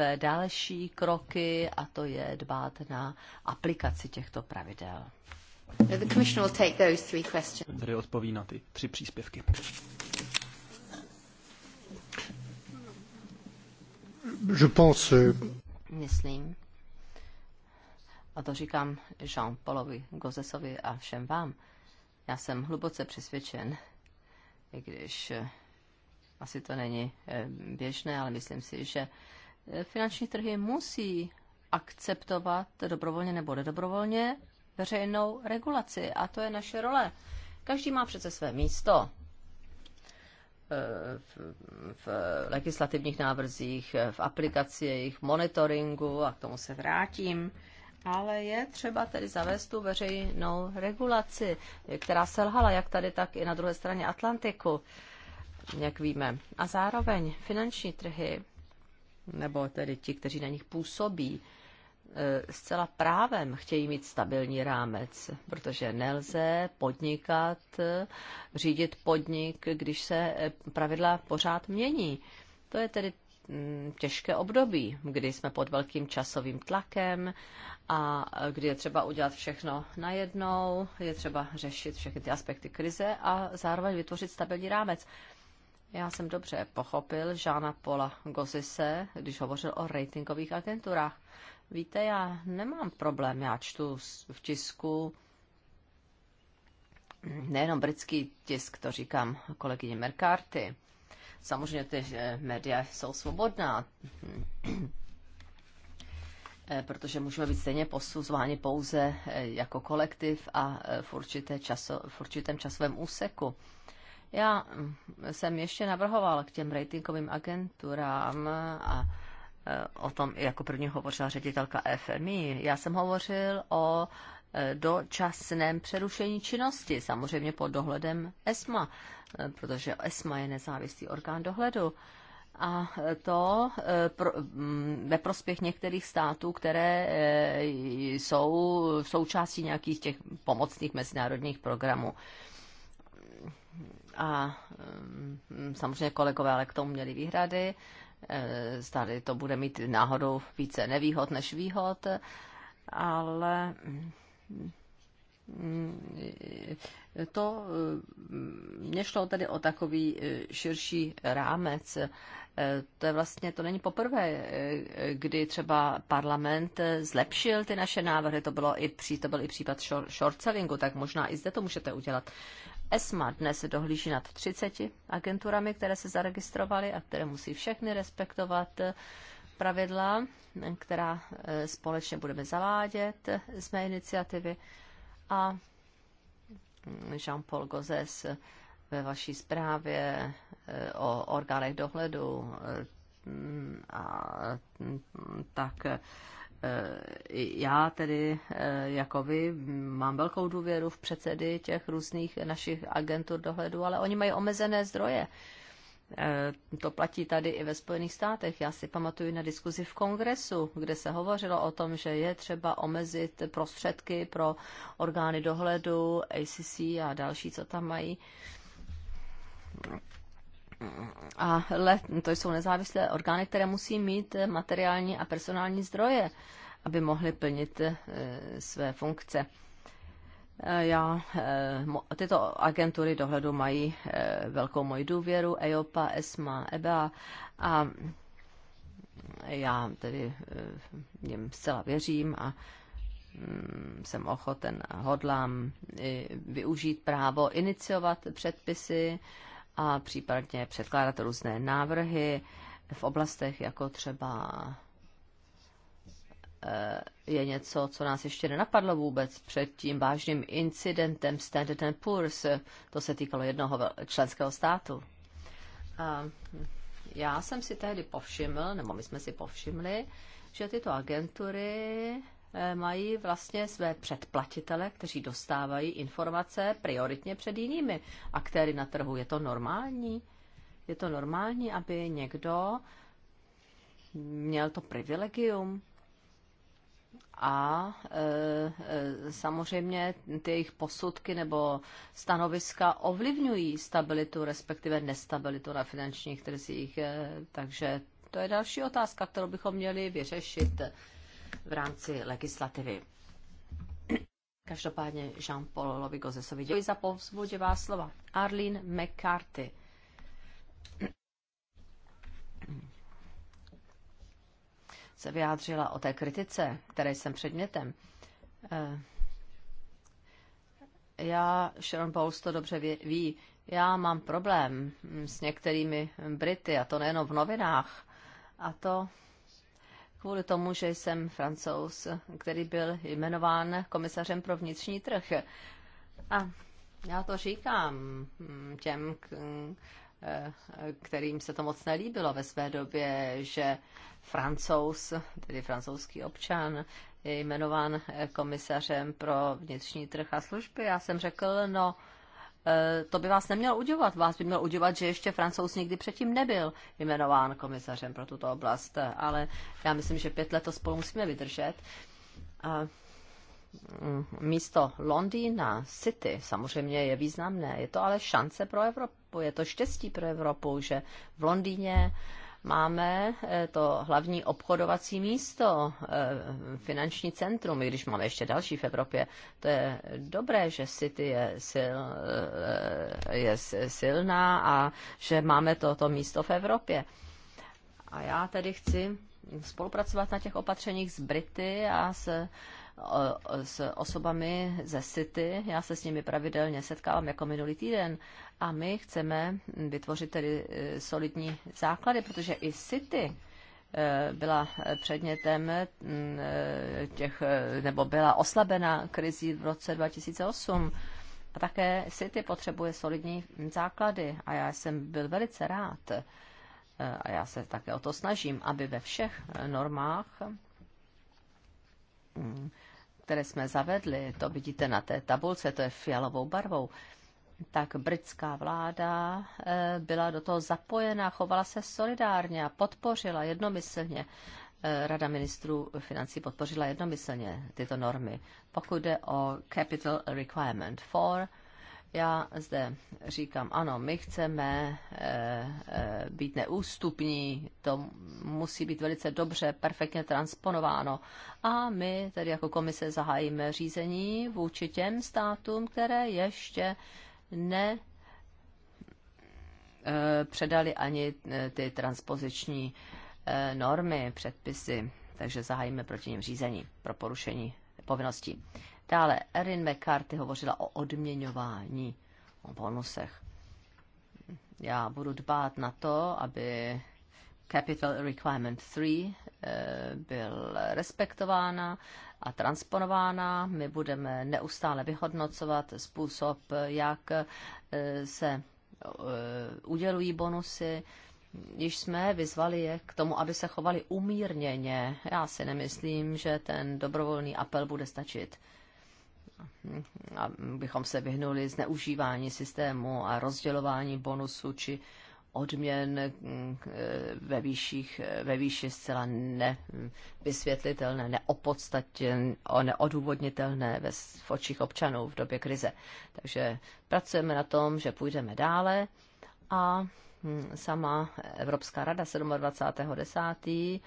C: eh, další kroky a to je dbát na aplikaci těchto pravidel.
D: Tady odpoví na ty tři příspěvky.
C: Je pense... Myslím, a to říkám Jean-Paulovi Gozesovi a všem vám, já jsem hluboce přesvědčen, i když eh, asi to není eh, běžné, ale myslím si, že eh, finanční trhy musí akceptovat dobrovolně nebo nedobrovolně veřejnou regulaci a to je naše role. Každý má přece své místo eh, v, v legislativních návrzích, v aplikaci jejich monitoringu a k tomu se vrátím. Ale je třeba tedy zavést tu veřejnou regulaci, která selhala jak tady, tak i na druhé straně Atlantiku jak víme. A zároveň finanční trhy, nebo tedy ti, kteří na nich působí, e, zcela právem chtějí mít stabilní rámec, protože nelze podnikat, e, řídit podnik, když se e, pravidla pořád mění. To je tedy mm, těžké období, kdy jsme pod velkým časovým tlakem a kdy je třeba udělat všechno najednou, je třeba řešit všechny ty aspekty krize a zároveň vytvořit stabilní rámec. Já jsem dobře pochopil Žána Pola Gozise, když hovořil o ratingových agenturách. Víte, já nemám problém, já čtu v tisku nejenom britský tisk, to říkám kolegyně Merkarty. Samozřejmě ty média jsou svobodná, eh, protože můžeme být stejně posuzováni pouze eh, jako kolektiv a eh, v, určité časo, v určitém časovém úseku. Já jsem ještě navrhoval k těm ratingovým agenturám a e, o tom jako první hovořila ředitelka FMI. Já jsem hovořil o e, dočasném přerušení činnosti, samozřejmě pod dohledem ESMA, e, protože ESMA je nezávislý orgán dohledu. A to ve prospěch některých států, které jsou součástí nějakých těch pomocných mezinárodních programů a mm, samozřejmě kolegové ale k tomu měli výhrady. E, tady to bude mít náhodou více nevýhod než výhod, ale mm, to mě mm, šlo tedy o takový e, širší rámec. E, to je vlastně, to není poprvé, kdy třeba parlament zlepšil ty naše návrhy, to, bylo i, to byl i případ short sellingu, tak možná i zde to můžete udělat. ESMA dnes dohlíží nad 30 agenturami, které se zaregistrovaly a které musí všechny respektovat eh, pravidla, eh, která eh, společně budeme zavádět z mé iniciativy. A mm, Jean-Paul Gozes ve vaší zprávě o orgánech dohledu mm, a mm, tak Eh, já tedy eh, jako vy mám velkou důvěru v předsedy těch různých našich agentur dohledu, ale oni mají omezené zdroje. Eh, to platí tady i ve Spojených státech. Já si pamatuju na diskuzi v kongresu, kde se hovořilo o tom, že je třeba omezit prostředky pro orgány dohledu, ACC a další, co tam mají a le, to jsou nezávislé orgány, které musí mít materiální a personální zdroje, aby mohly plnit eh, své funkce. Eh, já, eh, tyto agentury dohledu mají velkou moji důvěru, EOPA, ESMA, EBA a já tedy jim zcela věřím a mm, jsem ochoten a hodlám využít právo iniciovat předpisy, a případně předkládat různé návrhy v oblastech, jako třeba eh, je něco, co nás ještě nenapadlo vůbec před tím vážným incidentem Standard Poor's. To se týkalo jednoho členského státu. A já jsem si tehdy povšiml, nebo my jsme si povšimli, že tyto agentury Eh, mají vlastně své předplatitele, kteří dostávají informace prioritně před jinými aktéry na trhu. Je to normální? Je to normální, aby někdo měl to privilegium? A e, samozřejmě ty jejich posudky nebo stanoviska ovlivňují stabilitu, respektive nestabilitu na finančních trzích. E, takže to je další otázka, kterou bychom měli vyřešit v rámci legislativy. Každopádně Jean-Paulovi se děkuji za povzbudivá slova. Arlene McCarthy. se vyjádřila o té kritice, které jsem předmětem. Eh, já, Sharon Bowles to dobře ví, já mám problém s některými Brity, a to nejenom v novinách, a to kvůli tomu, že jsem francouz, který byl jmenován komisařem pro vnitřní trh. A já to říkám hm, těm, eh, kterým se to moc nelíbilo ve své době, že francouz, tedy francouzský občan, je jmenován komisařem pro vnitřní trh a služby. Já jsem řekl, no, Eh, to by vás nemělo udivovat. Vás by mělo udivovat, že ještě francouz nikdy předtím nebyl jmenován komisařem pro tuto oblast. Ale já myslím, že pět let to spolu musíme vydržet. A mm, místo Londýna, City, samozřejmě je významné. Je to ale šance pro Evropu, je to štěstí pro Evropu, že v Londýně máme eh, to hlavní obchodovací místo, eh, finanční centrum, i když máme ještě další v Evropě. To je dobré, že City je, sil, eh, je silná a že máme toto místo v Evropě. A já tedy chci spolupracovat na těch opatřeních s Brity a s s osobami ze City. Já se s nimi pravidelně setkávám jako minulý týden a my chceme vytvořit tedy e, solidní základy, protože i City e, byla předmětem e, těch, nebo byla oslabena krizí v roce 2008. A také City potřebuje solidní základy a já jsem byl velice rád, a já se také o to snažím, aby ve všech normách které jsme zavedli, to vidíte na té tabulce, to je fialovou barvou, tak britská vláda eh, byla do toho zapojena, chovala se solidárně a podpořila jednomyslně. Eh, Rada ministrů financí podpořila jednomyslně tyto normy. Pokud jde o Capital Requirement for já zde říkám, ano, my chceme eh, eh, být neústupní, to musí být velice dobře, perfektně transponováno. A my tedy jako komise zahájíme řízení vůči těm státům, které ještě ne eh, předali ani ty transpoziční normy, předpisy, takže zahájíme proti ním řízení pro porušení povinností. Dále Erin McCarthy hovořila o odměňování, o bonusech. Já budu dbát na to, aby Capital Requirement 3 eh, byl respektována a transponována. My budeme neustále vyhodnocovat způsob, jak eh, se eh, udělují bonusy. Již jsme vyzvali je k tomu, aby se chovali umírněně. Já si nemyslím, že ten dobrovolný apel bude stačit abychom se vyhnuli zneužívání systému a rozdělování bonusu či odměn mm, e, ve, výších, e, ve výši zcela nevysvětlitelné, neodůvodnitelné ve, v očích občanů v době krize. Takže pracujeme na tom, že půjdeme dále a mm, sama Evropská rada 27.10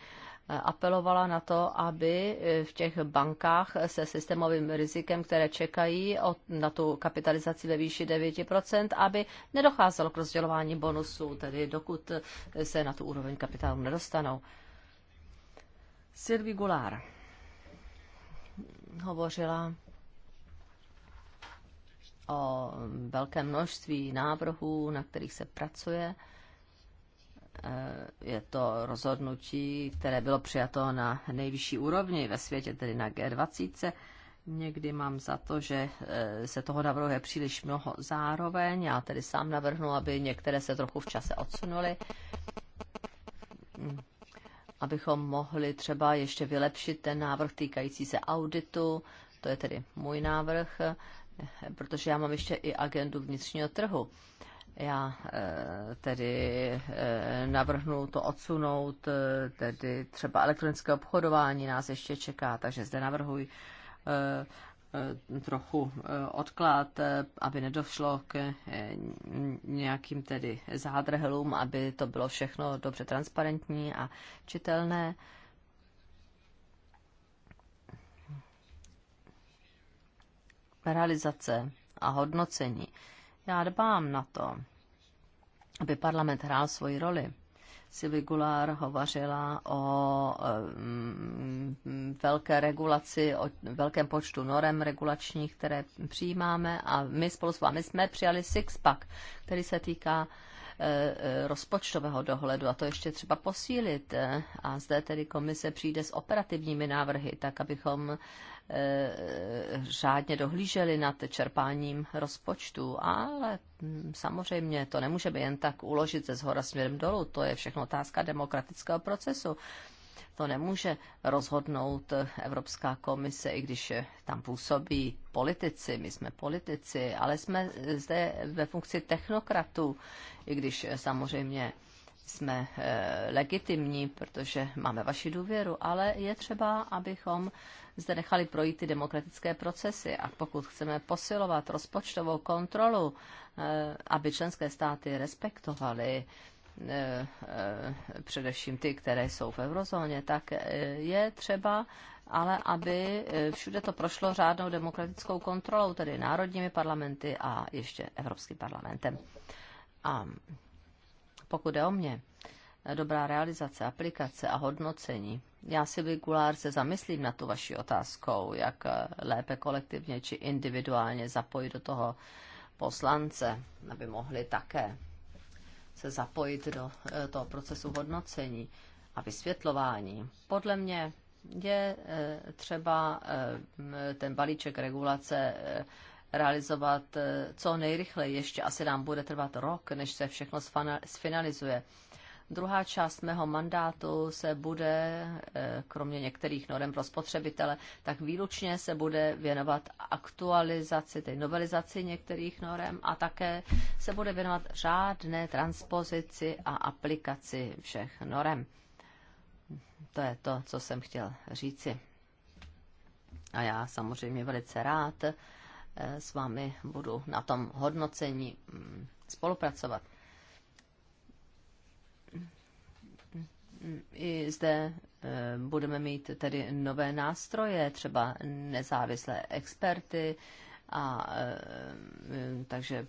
C: Eh, apelovala na to, aby eh, v těch bankách se systémovým rizikem, které čekají na tu kapitalizaci ve výši 9%, aby nedocházelo k rozdělování bonusů, tedy dokud eh, se na tu úroveň kapitálu nedostanou. Sylvie Goulart hovořila o velké množství návrhů, na kterých se pracuje. Eh, je to rozhodnutí, které bylo přijato na nejvyšší úrovni ve světě, tedy na G20. Někdy mám za to, že eh, se toho navrhuje příliš mnoho zároveň. Já tedy sám navrhnu, aby některé se trochu v čase odsunuly, abychom mohli třeba ještě vylepšit ten návrh týkající se auditu. To je tedy můj návrh, eh, protože já mám ještě i agendu vnitřního trhu. Já eh, tedy eh, navrhnu to odsunout, eh, tedy třeba elektronické obchodování nás ještě čeká, takže zde navrhuji trochu odklad, aby nedošlo k nějakým tedy zádrhelům, aby to bylo všechno dobře transparentní a čitelné. Realizace a hodnocení já dbám na to, aby parlament hrál svoji roli. Sylvie Goulart hovořila o mm, velké regulaci, o velkém počtu norem regulačních, které přijímáme a my spolu s vámi jsme přijali six-pack, který se týká Eh, eh, rozpočtového dohledu a to ještě třeba posílit. Eh, a zde tedy komise přijde s operativními návrhy, tak abychom řádně dohlíželi nad čerpáním rozpočtu, ale hm, samozřejmě to nemůžeme jen tak uložit ze zhora směrem dolů, to je všechno otázka demokratického procesu. To nemůže rozhodnout Evropská komise, i když tam působí politici, my jsme politici, ale jsme zde ve funkci technokratů, i když samozřejmě jsme eh, legitimní, protože máme vaši důvěru, ale je třeba, abychom zde nechali projít ty demokratické procesy. A pokud chceme posilovat rozpočtovou kontrolu, eh, aby členské státy respektovaly E, e, především ty, které jsou v eurozóně, tak e, je třeba ale aby všude to prošlo řádnou demokratickou kontrolou, tedy národními parlamenty a ještě Evropským parlamentem. A pokud je o mě, dobrá realizace, aplikace a hodnocení. Já si vykulár se zamyslím na tu vaši otázkou, jak lépe kolektivně či individuálně zapojit do toho poslance, aby mohli také se zapojit do eh, toho procesu hodnocení a vysvětlování. Podle mě je eh, třeba eh, ten balíček regulace realizovat co nejrychleji. Ještě asi nám bude trvat rok, než se všechno sfinalizuje. Druhá část mého mandátu se bude, eh, kromě některých norem pro spotřebitele, tak výlučně se bude věnovat aktualizaci, tedy novelizaci některých norem a také se bude věnovat řádné transpozici a aplikaci všech norem. To je to, co jsem chtěl říci. A já samozřejmě velice rád eh, s vámi budu na tom hodnocení mm, spolupracovat. i zde e, budeme mít tedy nové nástroje, třeba nezávislé experty, a e, takže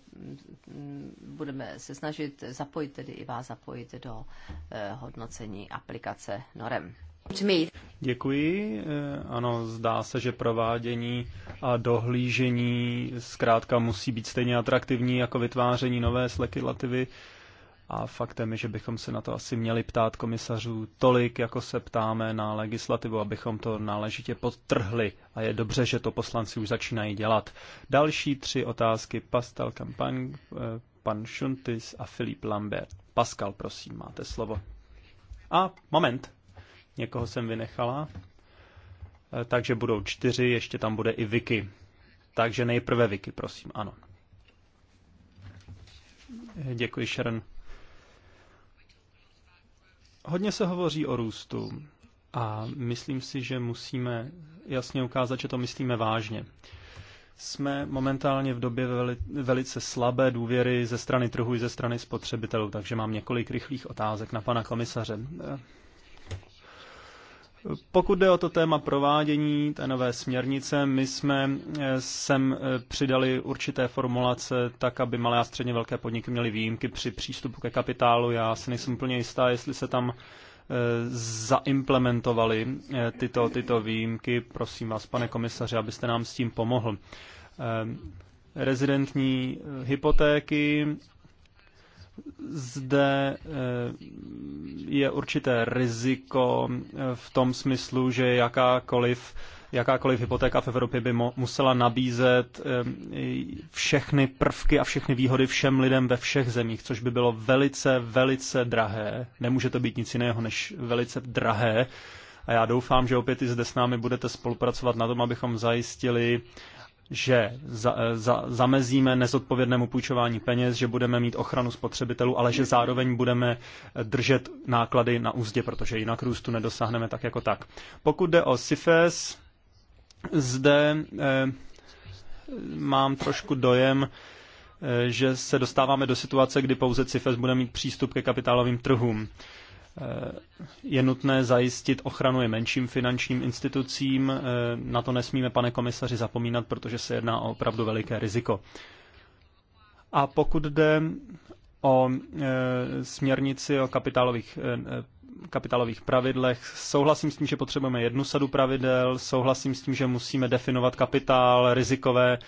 C: budeme se snažit zapojit tedy i vás zapojit do e, hodnocení aplikace
D: Norem. Děkuji. Ano, zdá se, že provádění a dohlížení zkrátka musí být stejně atraktivní jako vytváření nové legislativy a faktem je, že bychom se na to asi měli ptát komisařů tolik, jako se ptáme na legislativu, abychom to náležitě podtrhli. A je dobře, že to poslanci už začínají dělat. Další tři otázky. Pascal Kampang, eh, pan Šuntis a Filip Lambert. Pascal, prosím, máte slovo. A moment, někoho jsem vynechala. Eh, takže budou čtyři, ještě tam bude i Vicky. Takže nejprve Vicky, prosím, ano. Děkuji, Sharon. Hodně se hovoří o růstu a myslím si, že musíme jasně ukázat, že to myslíme vážně. Jsme momentálně v době velice slabé důvěry ze strany trhu i ze strany spotřebitelů, takže mám několik rychlých otázek na pana komisaře. Pokud jde o to téma provádění té nové směrnice, my jsme eh, sem eh, přidali určité formulace tak, aby malé a středně velké podniky měly výjimky při přístupu ke kapitálu. Já si nejsem úplně jistá, jestli se tam eh, zaimplementovali tyto, tyto výjimky. Prosím vás, pane komisaři, abyste nám s tím pomohl. Rezidentní hypotéky zde eh, je určité riziko eh, v tom smyslu, že jakákoliv jakákoliv hypotéka v Evropě by mo- musela nabízet eh, všechny prvky a všechny výhody všem lidem ve všech zemích, což by bylo velice, velice drahé. Nemůže to být nic jiného než velice drahé. A já doufám, že opět i zde s námi budete spolupracovat na tom, abychom zajistili že za, e, za, zamezíme nezodpovědnému půjčování peněz, že budeme mít ochranu spotřebitelů, ale že zároveň budeme držet náklady na úzdě, protože jinak růstu nedosáhneme tak jako tak. Pokud jde o SIFES, zde eh, mám trošku dojem, eh, že se dostáváme do situace, kdy pouze SIFES bude mít přístup ke kapitálovým trhům. Eh, Eh, je nutné zajistit ochranu i menším finančním institucím. Eh, na to nesmíme, pane komisaři, zapomínat, protože se jedná o opravdu veliké riziko. A pokud jde o eh, směrnici o kapitálových kapitálových pravidlech. Souhlasím s tím, že potřebujeme jednu sadu pravidel, souhlasím s tím, že musíme definovat kapitál, rizikové,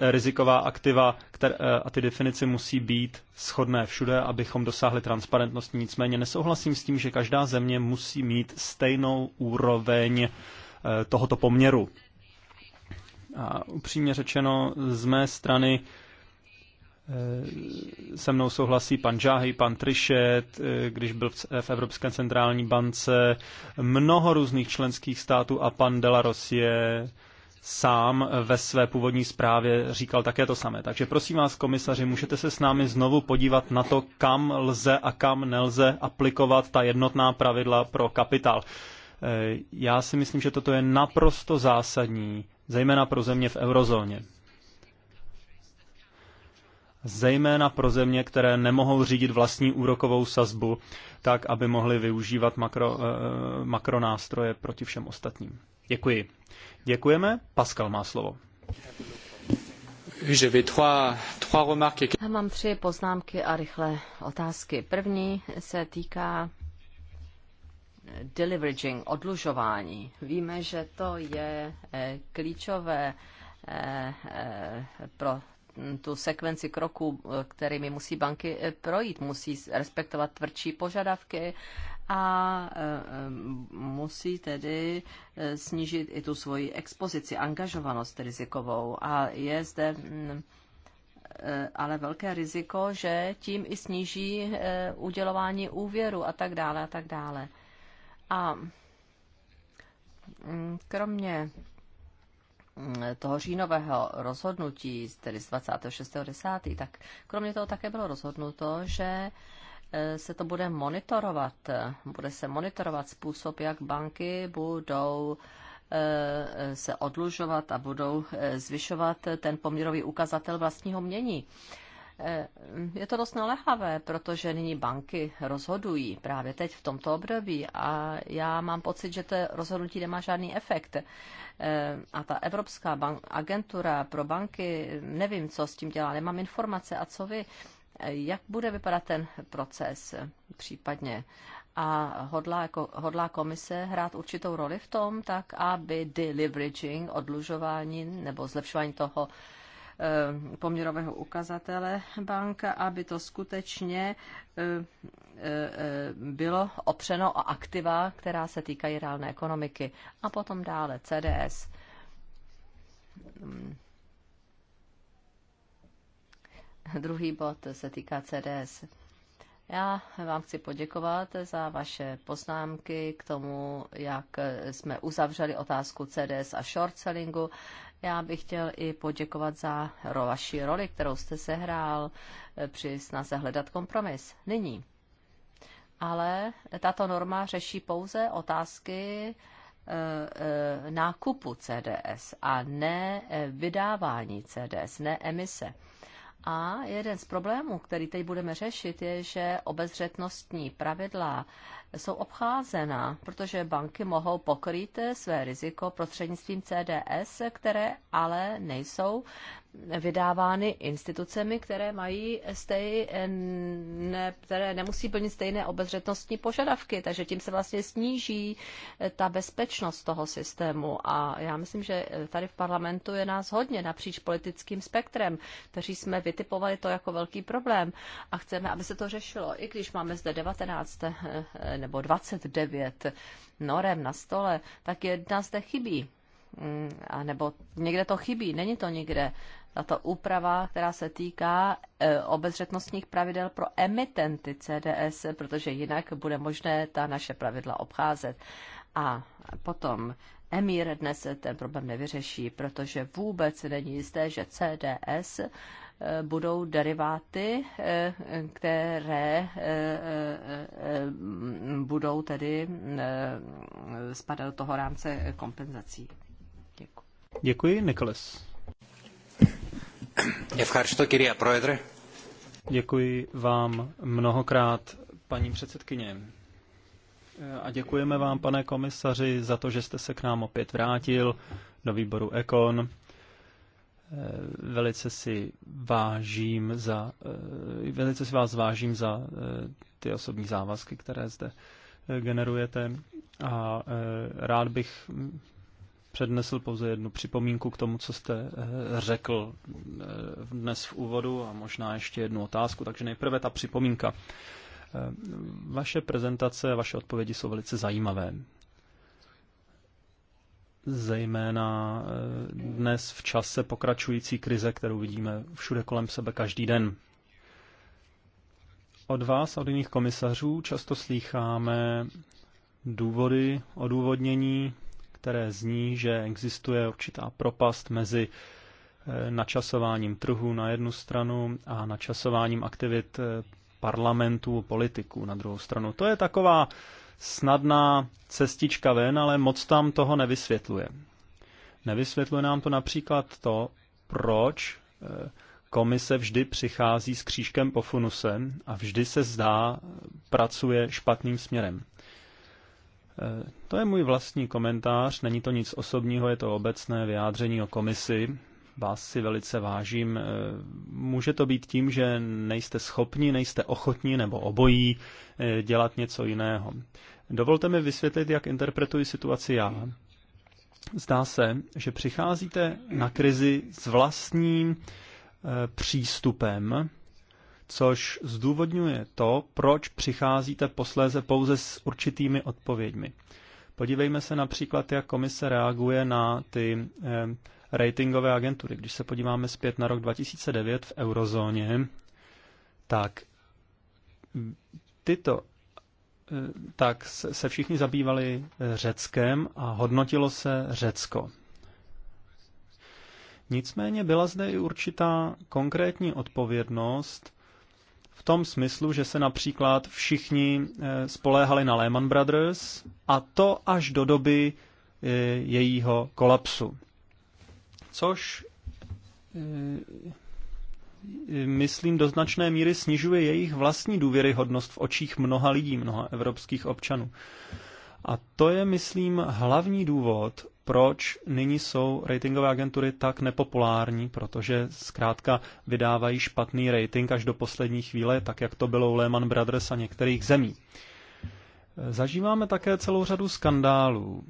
D: riziková aktiva které, eh, a ty definice musí být shodné všude, abychom dosáhli transparentnosti. Nicméně nesouhlasím s tím, že každá země musí mít stejnou úroveň eh, tohoto poměru. A upřímně řečeno, z mé strany Eh, se mnou souhlasí pan Žáhy, pan Trišet, eh, když byl v Evropské centrální bance, mnoho různých členských států a pan Delaros je sám ve své původní zprávě říkal také to samé. Takže prosím vás, komisaři, můžete se s námi znovu podívat na to, kam lze a kam nelze aplikovat ta jednotná pravidla pro kapitál. Eh, já si myslím, že toto je naprosto zásadní, zejména pro země v eurozóně zejména pro země, které nemohou řídit vlastní úrokovou sazbu, tak aby mohly využívat makro, eh, makronástroje proti všem ostatním. Děkuji. Děkujeme. Pascal má slovo.
C: Já mám tři poznámky a rychlé otázky. První se týká deleveraging, odlužování. Víme, že to je eh, klíčové eh, eh, pro tu sekvenci kroků, kterými musí banky eh, projít. Musí respektovat tvrdší požadavky a eh, eh, musí tedy snížit i tu svoji expozici, angažovanost rizikovou. A je zde mm, ale velké riziko, že tím i sníží udělování úvěru a tak dále a tak dále. A mm, kromě toho říjnového rozhodnutí, tedy z 26.10., tak kromě toho také bylo rozhodnuto, že e, se to bude monitorovat. Bude se monitorovat způsob, jak banky budou e, se odlužovat a budou e, zvyšovat ten poměrový ukazatel vlastního mění. Eh, je to dost naléhavé, protože nyní banky rozhodují právě teď v tomto období a já mám pocit, že to rozhodnutí nemá žádný efekt. Eh, a ta Evropská bank, agentura pro banky, nevím, co s tím dělá, nemám informace. A co vy, eh, jak bude vypadat ten proces případně? A hodlá, jako, hodlá komise hrát určitou roli v tom, tak aby deleveraging, odlužování nebo zlepšování toho, Eh, poměrového ukazatele banka, aby to skutečně eh, eh, bylo opřeno o aktiva, která se týkají reálné ekonomiky. A potom dále CDS. Hmm. Druhý bod se týká CDS. Já vám chci poděkovat za vaše poznámky k tomu, jak jsme uzavřeli otázku CDS a short sellingu. Já bych chtěl i poděkovat za vaši roli, kterou jste sehrál eh, při snaze hledat kompromis. Nyní. Ale tato norma řeší pouze otázky eh, eh, nákupu CDS a ne vydávání CDS, ne emise. A jeden z problémů, který teď budeme řešit, je, že obezřetnostní pravidla jsou obcházena, protože banky mohou pokrýt své riziko prostřednictvím CDS, které ale nejsou vydávány institucemi, které mají stejné, které nemusí plnit stejné obezřetnostní požadavky, takže tím se vlastně sníží eh, ta bezpečnost toho systému. A já myslím, že eh, tady v parlamentu je nás hodně napříč politickým spektrem, kteří jsme vytipovali to jako velký problém a chceme, aby se to řešilo. I když máme zde 19 eh, nebo 29 norem na stole, tak jedna zde chybí mm, a nebo někde to chybí, není to někde tato úprava, která se týká e, obezřetnostních pravidel pro emitenty CDS, protože jinak bude možné ta naše pravidla obcházet. A potom Emír dnes ten problém nevyřeší, protože vůbec není jisté, že CDS e, budou deriváty, e, které budou tedy spadat do toho rámce kompenzací. Děkuji.
D: Děkuji, Nikolas. Děkuji vám mnohokrát, paní předsedkyně. A děkujeme vám, pane komisaři, za to, že jste se k nám opět vrátil do výboru Ekon. E, velice si vážím za, e, velice si vás vážím za e, ty osobní závazky, které zde generujete a rád bych přednesl pouze jednu připomínku k tomu, co jste eh, řekl eh, dnes v úvodu a možná ještě jednu otázku. Takže nejprve ta připomínka. Eh, vaše prezentace, vaše odpovědi jsou velice zajímavé. Zejména dnes v čase pokračující krize, kterou vidíme všude kolem sebe každý den. Od vás a od jiných komisařů často slýcháme důvody, odůvodnění, které zní, že existuje určitá propast mezi eh, načasováním trhu na jednu stranu a načasováním aktivit eh, parlamentů, politiků na druhou stranu. To je taková snadná cestička ven, ale moc tam toho nevysvětluje. Nevysvětluje nám to například to, proč eh, komise vždy přichází s křížkem po funuse a vždy se zdá pracuje špatným směrem. Eh, to je můj vlastní komentář, není to nic osobního, je to obecné vyjádření o komisi. Vás si velice vážím. Eh, může to být tím, že nejste schopni, nejste ochotni nebo obojí eh, dělat něco jiného. Dovolte mi vysvětlit, jak interpretuji situaci já. Zdá se, že přicházíte na krizi s vlastním přístupem, což zdůvodňuje to, proč přicházíte posléze pouze s určitými odpověďmi. Podívejme se například, jak komise reaguje na ty eh, ratingové agentury. Když se podíváme zpět na rok 2009 v eurozóně, tak mm, tyto eh, tak se všichni zabývali eh, Řeckem a hodnotilo se Řecko. Nicméně byla zde i určitá konkrétní odpovědnost v tom smyslu, že se například všichni eh, spoléhali na Lehman Brothers a to až do doby eh, jejího kolapsu. Což eh, myslím, do značné míry snižuje jejich vlastní důvěryhodnost v očích mnoha lidí, mnoha evropských občanů. A to je, myslím, hlavní důvod, proč nyní jsou ratingové agentury tak nepopulární, protože zkrátka vydávají špatný rating až do poslední chvíle, tak jak to bylo u Lehman Brothers a některých zemí. Zažíváme také celou řadu skandálů.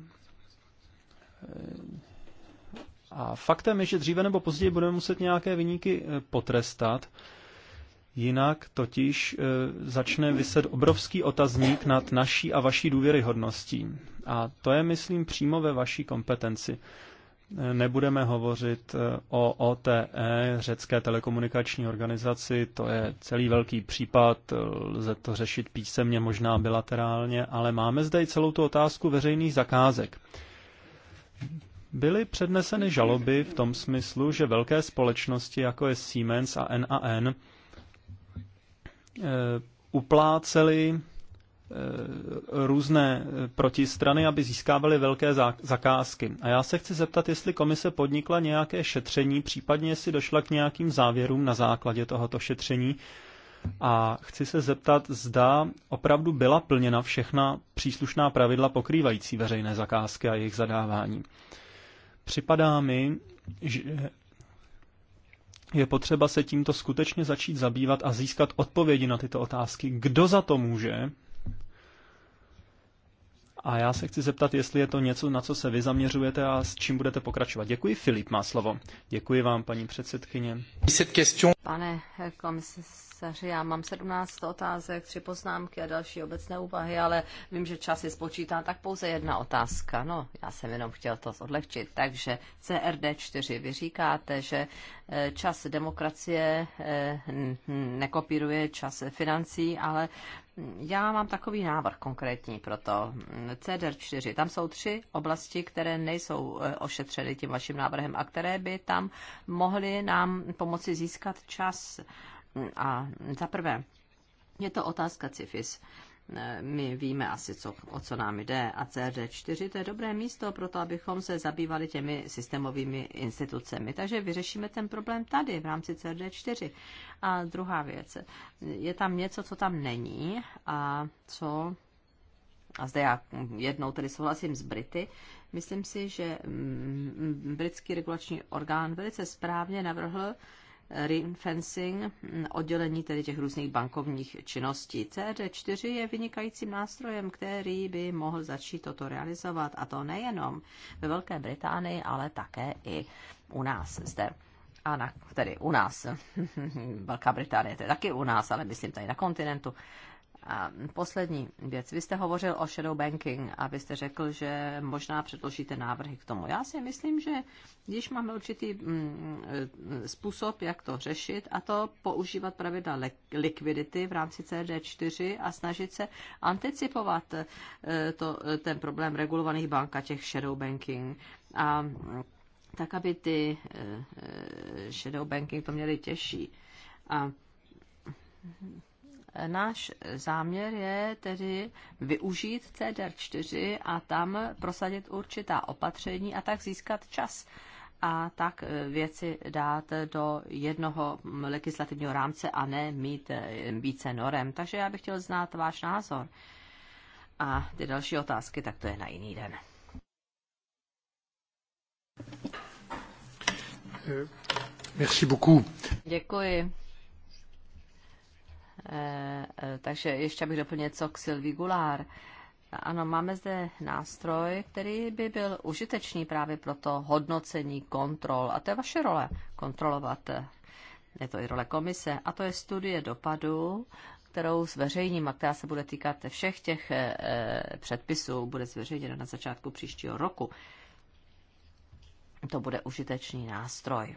D: A faktem je, že dříve nebo později budeme muset nějaké vyníky potrestat, Jinak totiž e, začne vyset obrovský otazník nad naší a vaší důvěryhodností. A to je, myslím, přímo ve vaší kompetenci. E, nebudeme hovořit e, o OTE, řecké telekomunikační organizaci, to je celý velký případ, lze to řešit písemně, možná bilaterálně, ale máme zde i celou tu otázku veřejných zakázek. Byly předneseny žaloby v tom smyslu, že velké společnosti jako je Siemens a NAN Eh, upláceli eh, různé eh, protistrany, aby získávaly velké zakázky. A já se chci zeptat, jestli komise podnikla nějaké šetření, případně jestli došla k nějakým závěrům na základě tohoto šetření. A chci se zeptat, zda opravdu byla plněna všechna příslušná pravidla pokrývající veřejné zakázky a jejich zadávání. Připadá mi, že je potřeba se tímto skutečně začít zabývat a získat odpovědi na tyto otázky. Kdo za to může? A já se chci zeptat, jestli je to něco, na co se vy zaměřujete a s čím budete pokračovat. Děkuji, Filip má slovo. Děkuji vám, paní předsedkyně.
C: Pane komis, komisaři, já mám 17 otázek, tři poznámky a další obecné úvahy, ale vím, že čas je spočítán, tak pouze jedna otázka. No, já jsem jenom chtěl to odlehčit. Takže CRD4, vy říkáte, že eh, čas demokracie eh, nekopíruje čas financí, ale hm, já mám takový návrh konkrétní pro to. CDR 4, tam jsou tři oblasti, které nejsou eh, ošetřeny tím vaším návrhem a které by tam mohly nám pomoci získat čas a za prvé, je to otázka CIFIS my víme asi, co, o co nám jde. A CRD4 to je dobré místo pro to, abychom se zabývali těmi systémovými institucemi. Takže vyřešíme ten problém tady, v rámci CRD4. A druhá věc. Je tam něco, co tam není a co. A zde já jednou tedy souhlasím s Brity. Myslím si, že mm, mm, britský regulační orgán velice správně navrhl Reinfencing, mm, oddělení tedy těch různých bankovních činností. CD4 je vynikajícím nástrojem, který by mohl začít toto realizovat, a to nejenom ve Velké Británii, ale také i u nás zde. A na, tedy u nás. Velká Británie to je taky u nás, ale myslím tady na kontinentu. A poslední věc. Vy jste hovořil o shadow banking a vy jste řekl, že možná předložíte návrhy k tomu. Já si myslím, že když máme určitý mm, eh, způsob, jak to řešit, a to používat pravidla likvidity v rámci CD4 a snažit se anticipovat eh, to, eh, ten problém regulovaných bank a těch shadow banking. A mm, tak, aby ty shadow banking to měly těžší. A mm, Náš záměr je tedy využít CDR 4 a tam prosadit určitá opatření a tak získat čas a tak e, věci dát do jednoho legislativního rámce a ne mít e, více norem. Takže já bych chtěl znát váš názor. A ty další otázky, tak to je na jiný den.
A: Merci beaucoup.
C: Děkuji. Eh, eh, takže ještě bych doplnil co k Silvi Gulár. Ano, máme zde nástroj, který by byl užitečný právě pro to hodnocení kontrol. A to je vaše role, kontrolovat. Je to i role komise. A to je studie dopadu, kterou zveřejním a která se bude týkat všech těch eh, předpisů, bude zveřejněna na začátku příštího roku. To bude užitečný nástroj.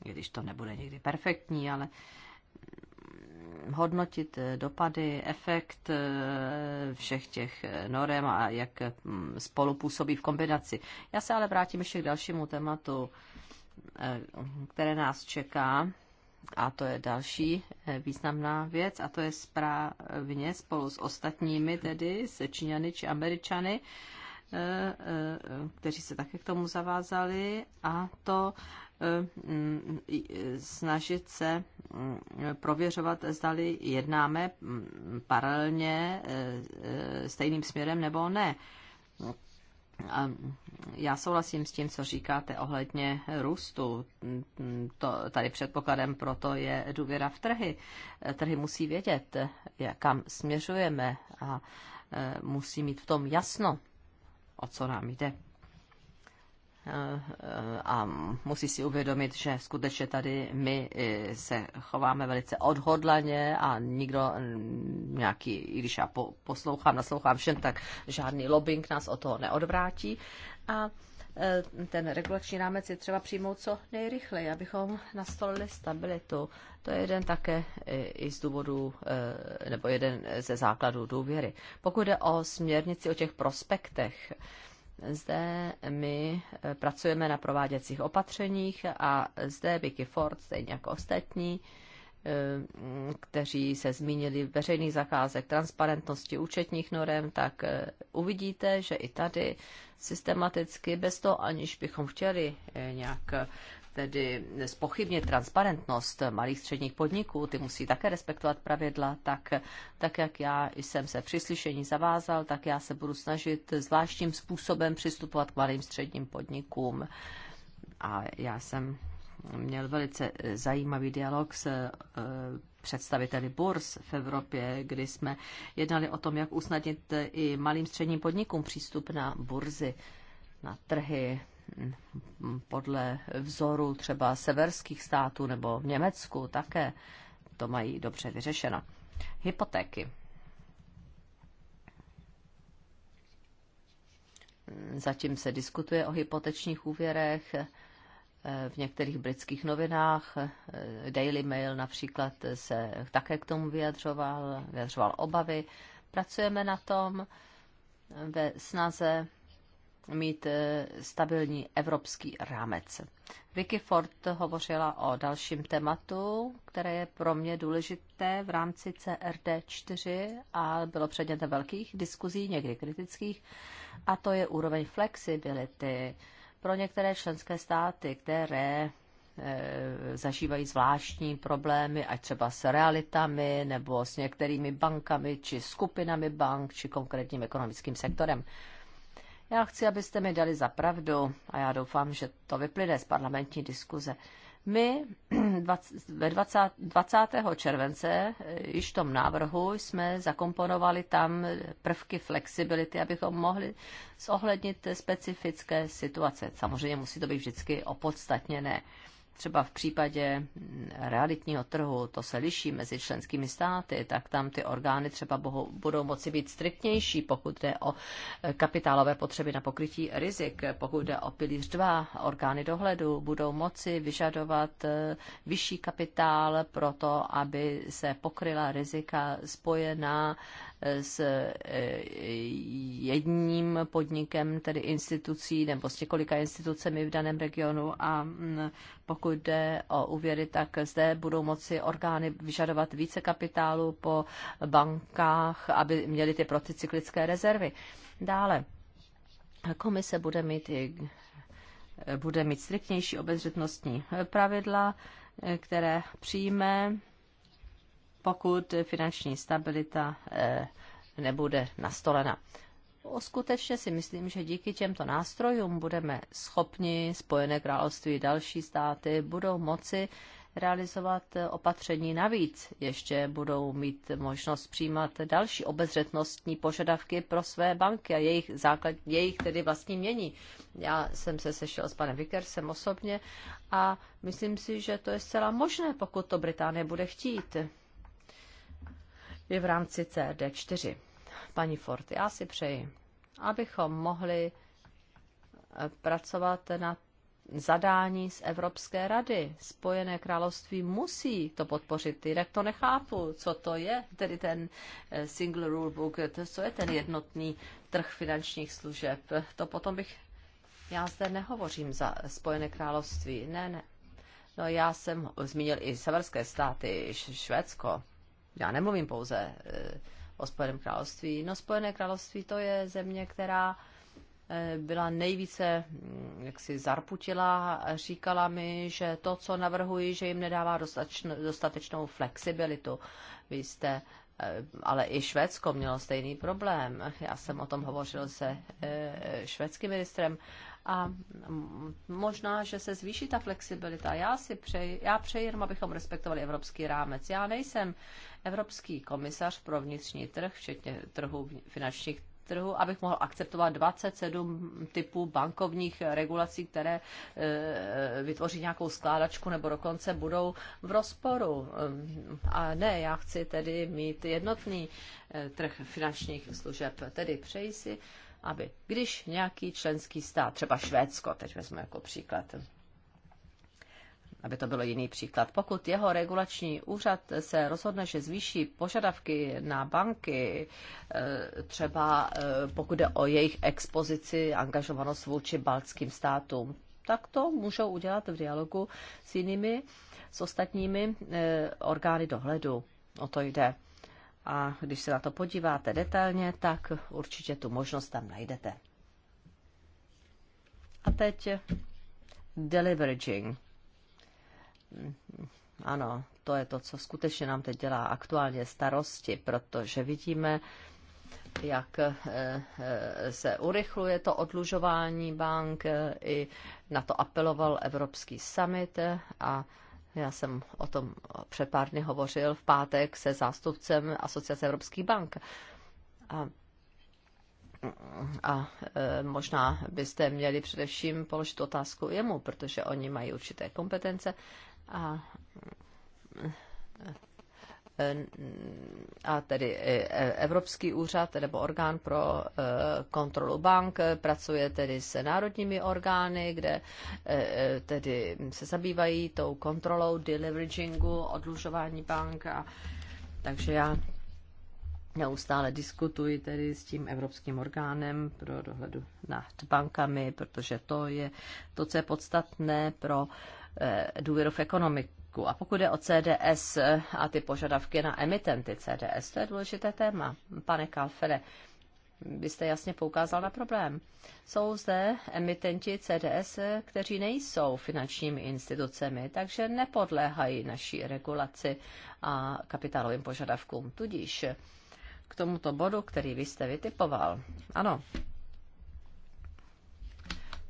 C: Když to nebude někdy perfektní, ale hodnotit eh, dopady, efekt eh, všech těch eh, norem a jak mm, spolu působí v kombinaci. Já se ale vrátím ještě k dalšímu tématu, které nás čeká. A to je další významná věc, a to je správně spolu s ostatními, tedy se Číňany či Američany, kteří se také k tomu zavázali, a to snažit se mm, prověřovat, zdali jednáme mm, paralelně eh, eh, stejným směrem nebo ne. A já souhlasím s tím, co říkáte ohledně růstu. To, tady předpokladem proto je důvěra v trhy. Eh, trhy musí vědět, kam směřujeme a musí mít v tom jasno, o co nám jde a musí si uvědomit, že skutečně tady my eh, se chováme velice odhodlaně a nikdo mm, nějaký, i když já poslouchám, naslouchám všem, tak žádný lobbying nás o toho neodvrátí. A eh, ten regulační rámec je třeba přijmout co nejrychleji, abychom nastolili stabilitu. To je jeden také eh, i z důvodu, nebo jeden ze základů důvěry. Pokud jde o směrnici o těch prospektech, zde my eh, pracujeme na prováděcích opatřeních a zde Vicky Ford, stejně jako ostatní, eh, kteří se zmínili veřejných zakázek, transparentnosti účetních norem, tak eh, uvidíte, že i tady systematicky, bez toho aniž bychom chtěli nějak tedy spochybnit transparentnost malých středních podniků, ty musí také respektovat pravidla, tak, tak jak já jsem se při slyšení zavázal, tak já se budu snažit zvláštním způsobem přistupovat k malým středním podnikům. A já jsem měl velice eh, zajímavý dialog s eh, představiteli burs v Evropě, kdy jsme jednali o tom, jak usnadnit i malým středním podnikům přístup na burzy, na trhy, podle vzoru třeba severských států nebo v Německu také to mají dobře vyřešeno. Hypotéky. Zatím se diskutuje o hypotečních úvěrech. Eh, v některých britských novinách eh, Daily Mail například se také k tomu vyjadřoval, vyjadřoval obavy. Pracujeme na tom eh, ve snaze mít eh, stabilní evropský rámec. Vicky Ford hovořila o dalším tématu, které je pro mě důležité v rámci CRD4 a bylo předmětem velkých diskuzí, někdy kritických, a to je úroveň flexibility pro některé členské státy, které eh, zažívají zvláštní problémy, ať třeba s realitami nebo s některými bankami či skupinami bank či konkrétním ekonomickým sektorem. Já chci, abyste mi dali za pravdu a já doufám, že to vyplyne z parlamentní diskuze. My ve 20, 20. července eh, již v tom návrhu jsme zakomponovali tam prvky flexibility, abychom mohli zohlednit specifické situace. Samozřejmě musí to být vždycky opodstatněné. Ne třeba v případě realitního trhu, to se liší mezi členskými státy, tak tam ty orgány třeba bohu, budou moci být striktnější, pokud jde o eh, kapitálové potřeby na pokrytí rizik, pokud jde o pilíř 2, orgány dohledu budou moci vyžadovat eh, vyšší kapitál pro to, aby se pokryla rizika spojená s e, jedním podnikem, tedy institucí nebo s několika institucemi v daném regionu a mm, pokud jde o úvěry, tak zde budou moci orgány vyžadovat více kapitálu po bankách, aby měly ty proticyklické rezervy. Dále, komise bude mít i bude mít striktnější obezřetnostní pravidla, e, které přijme pokud finanční stabilita eh, nebude nastolena. Skutečně si myslím, že díky těmto nástrojům budeme schopni, Spojené království, další státy budou moci realizovat eh, opatření navíc. Ještě budou mít možnost přijímat další obezřetnostní požadavky pro své banky a jejich, základ, jejich tedy vlastní mění. Já jsem se sešel s panem Vickersem osobně a myslím si, že to je zcela možné, pokud to Británie bude chtít je v rámci cd 4 Paní Ford, já si přeji, abychom mohli eh, pracovat na zadání z Evropské rady. Spojené království musí to podpořit, jinak to nechápu, co to je, tedy ten eh, single rulebook, co je ten jednotný trh finančních služeb. To potom bych, já zde nehovořím za Spojené království, ne, ne. No já jsem zmínil i severské státy, Švédsko, já nemluvím pouze eh, o Spojeném království. No Spojené království to je země, která eh, byla nejvíce, mm, jak si zarputila, říkala mi, že to, co navrhuji, že jim nedává dostatečnou flexibilitu. Vy jste, eh, ale i Švédsko mělo stejný problém. Já jsem o tom hovořil se švédským ministrem a možná, že se zvýší ta flexibilita. Já si přeji, já přeji jenom, abychom respektovali evropský rámec. Já nejsem evropský komisař pro vnitřní trh, včetně trhu finančních trhu, abych mohl akceptovat 27 typů bankovních regulací, které e, vytvoří nějakou skládačku nebo dokonce budou v rozporu. A ne, já chci tedy mít jednotný e, trh finančních služeb. Tedy přeji si, aby když nějaký členský stát, třeba Švédsko, teď vezmu jako příklad, aby to bylo jiný příklad. Pokud jeho regulační úřad se rozhodne, že zvýší požadavky na banky, e, třeba e, pokud jde o jejich expozici, angažovanost vůči baltským státům, tak to můžou udělat v dialogu s jinými, s ostatními e, orgány dohledu. O to jde. A když se na to podíváte detailně, tak určitě tu možnost tam najdete. A teď deliveraging. Ano, to je to, co skutečně nám teď dělá aktuálně starosti, protože vidíme, jak eh, eh, se urychluje to odlužování bank. Eh, I na to apeloval Evropský summit a já jsem o tom před pár dny hovořil v pátek se zástupcem Asociace Evropských bank. A, a e, možná byste měli především položit otázku jemu, protože oni mají určité kompetence a Eh, a tedy eh, Evropský úřad nebo orgán pro eh, kontrolu bank pracuje tedy s národními orgány, kde tedy se zabývají tou kontrolou deleveragingu, odlužování bank. A, takže já neustále diskutuji tedy s tím Evropským orgánem pro dohledu nad bankami, protože to je to, co je podstatné pro důvěru v ekonomiku poplatků. A pokud jde o CDS a ty požadavky na emitenty CDS, to je důležité téma. Pane Kalfere, byste jasně poukázal na problém. Jsou zde emitenti CDS, kteří nejsou finančními institucemi, takže nepodléhají naší regulaci a kapitálovým požadavkům. Tudíž k tomuto bodu, který vy jste vytipoval. Ano.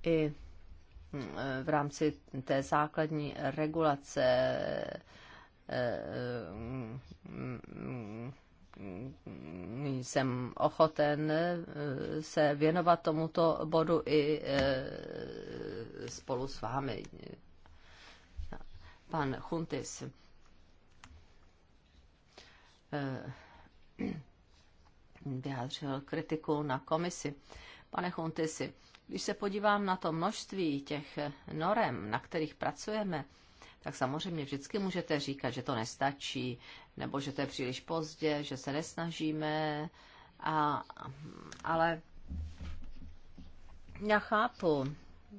C: I v rámci té základní regulace, eh, eh, jsem ochoten eh, se věnovat tomuto bodu i spolu s vámi. Pan Chuntis. Vyjádřil kritiku na komisi. Pane Chuntisi, když se podívám na to množství těch norem, na kterých pracujeme, tak samozřejmě vždycky můžete říkat, že to nestačí, nebo že to je příliš pozdě, že se nesnažíme, a, ale já chápu,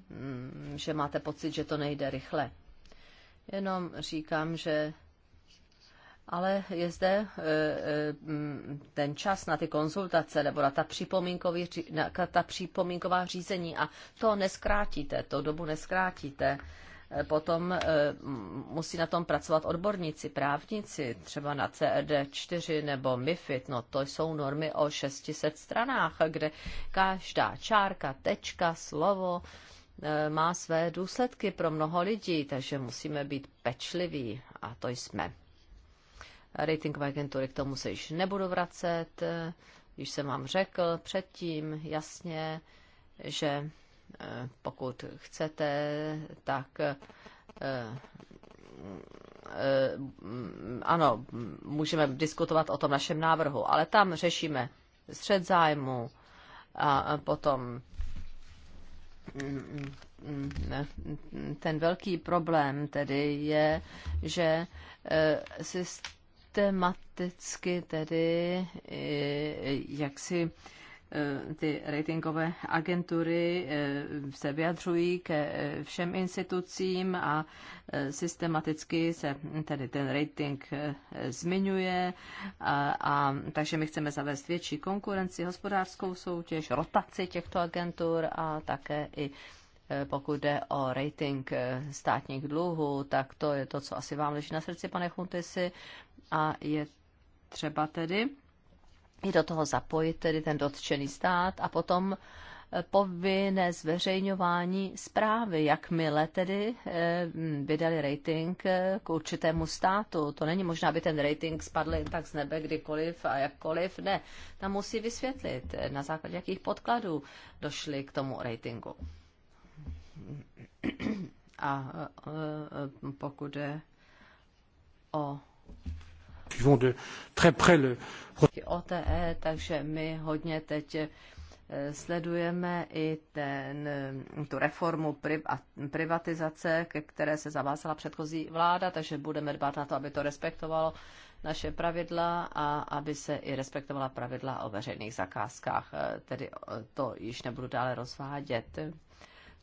C: mm, že máte pocit, že to nejde rychle. Jenom říkám, že ale je zde e, e, ten čas na ty konzultace nebo na ta, na ta připomínková řízení a to neskrátíte, to dobu neskrátíte. E, potom musí na tom pracovat odborníci, právníci, třeba na CRD 4 nebo MIFID. No to jsou normy o 600 stranách, kde každá čárka, tečka, slovo má své důsledky pro mnoho lidí, takže musíme být pečliví a to jsme ratingové agentury, k tomu se již nebudu vracet. Již jsem vám řekl předtím jasně, že eh, pokud chcete, tak eh, eh, ano, můžeme diskutovat o tom našem návrhu, ale tam řešíme střed zájmu a potom mm, mm, mm, ten velký problém tedy je, že systém systematicky tedy eh, jak si eh, ty ratingové agentury eh, se vyjadřují ke všem institucím a systematicky se tedy ten rating zmiňuje. A, a, takže my chceme zavést větší konkurenci, hospodářskou soutěž, rotaci těchto agentur a také i pokud jde o rating eh, státních dluhů, tak to je to, co asi vám leží na srdci, pane Chuntesi. A je třeba tedy i do toho zapojit tedy ten dotčený stát a potom eh, povinné zveřejňování zprávy, jakmile tedy eh, vydali rating k určitému státu. To není možná, aby ten rating spadl jen tak z nebe kdykoliv a jakkoliv. Ne, tam musí vysvětlit, na základě jakých podkladů došli k tomu ratingu. A e, e, pokud jde o OTE, takže my hodně teď e, sledujeme i ten, tu reformu privatizace, ke které se zavázala předchozí vláda, takže budeme dbát na to, aby to respektovalo naše pravidla a aby se i respektovala pravidla o veřejných zakázkách. Tedy to již nebudu dále rozvádět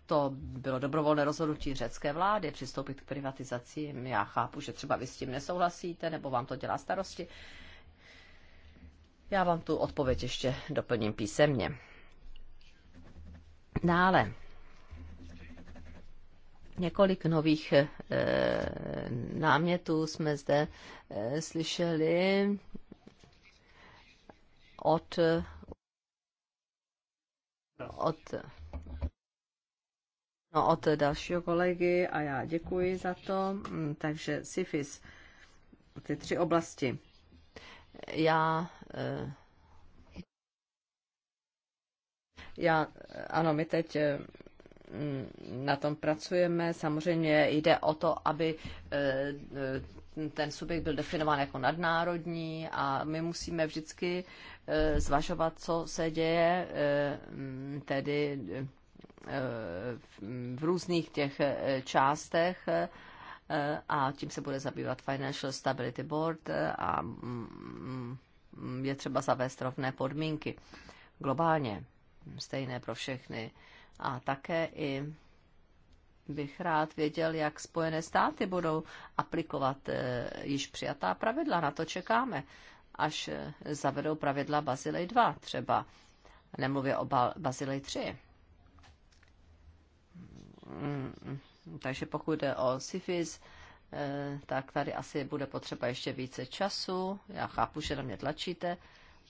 C: to bylo dobrovolné rozhodnutí řecké vlády přistoupit k privatizaci. Já chápu, že třeba vy s tím nesouhlasíte, nebo vám to dělá starosti. Já vám tu odpověď ještě doplním písemně. Dále. Několik nových e, námětů jsme zde e, slyšeli od, od No, od dalšího kolegy a já děkuji za to. Mm, takže SIFIS, ty tři oblasti. Já eh, já, ano, my teď eh, mm, na tom pracujeme. Samozřejmě jde o to, aby eh, ten subjekt byl definován jako nadnárodní a my musíme vždycky zvažovat, co se děje, mm, tedy v různých těch eh, částech eh, a tím se bude zabývat Financial Stability Board eh, a mm, mm, je třeba zavést rovné podmínky globálně, stejné pro všechny. A také i bych rád věděl, jak Spojené státy budou aplikovat již přijatá pravidla. Na to čekáme, až zavedou pravidla Bazilej 2 třeba. Nemluvě o Bazilej 3. Mm, takže pokud jde o syfis, eh, tak tady asi bude potřeba ještě více času. Já chápu, že na mě tlačíte.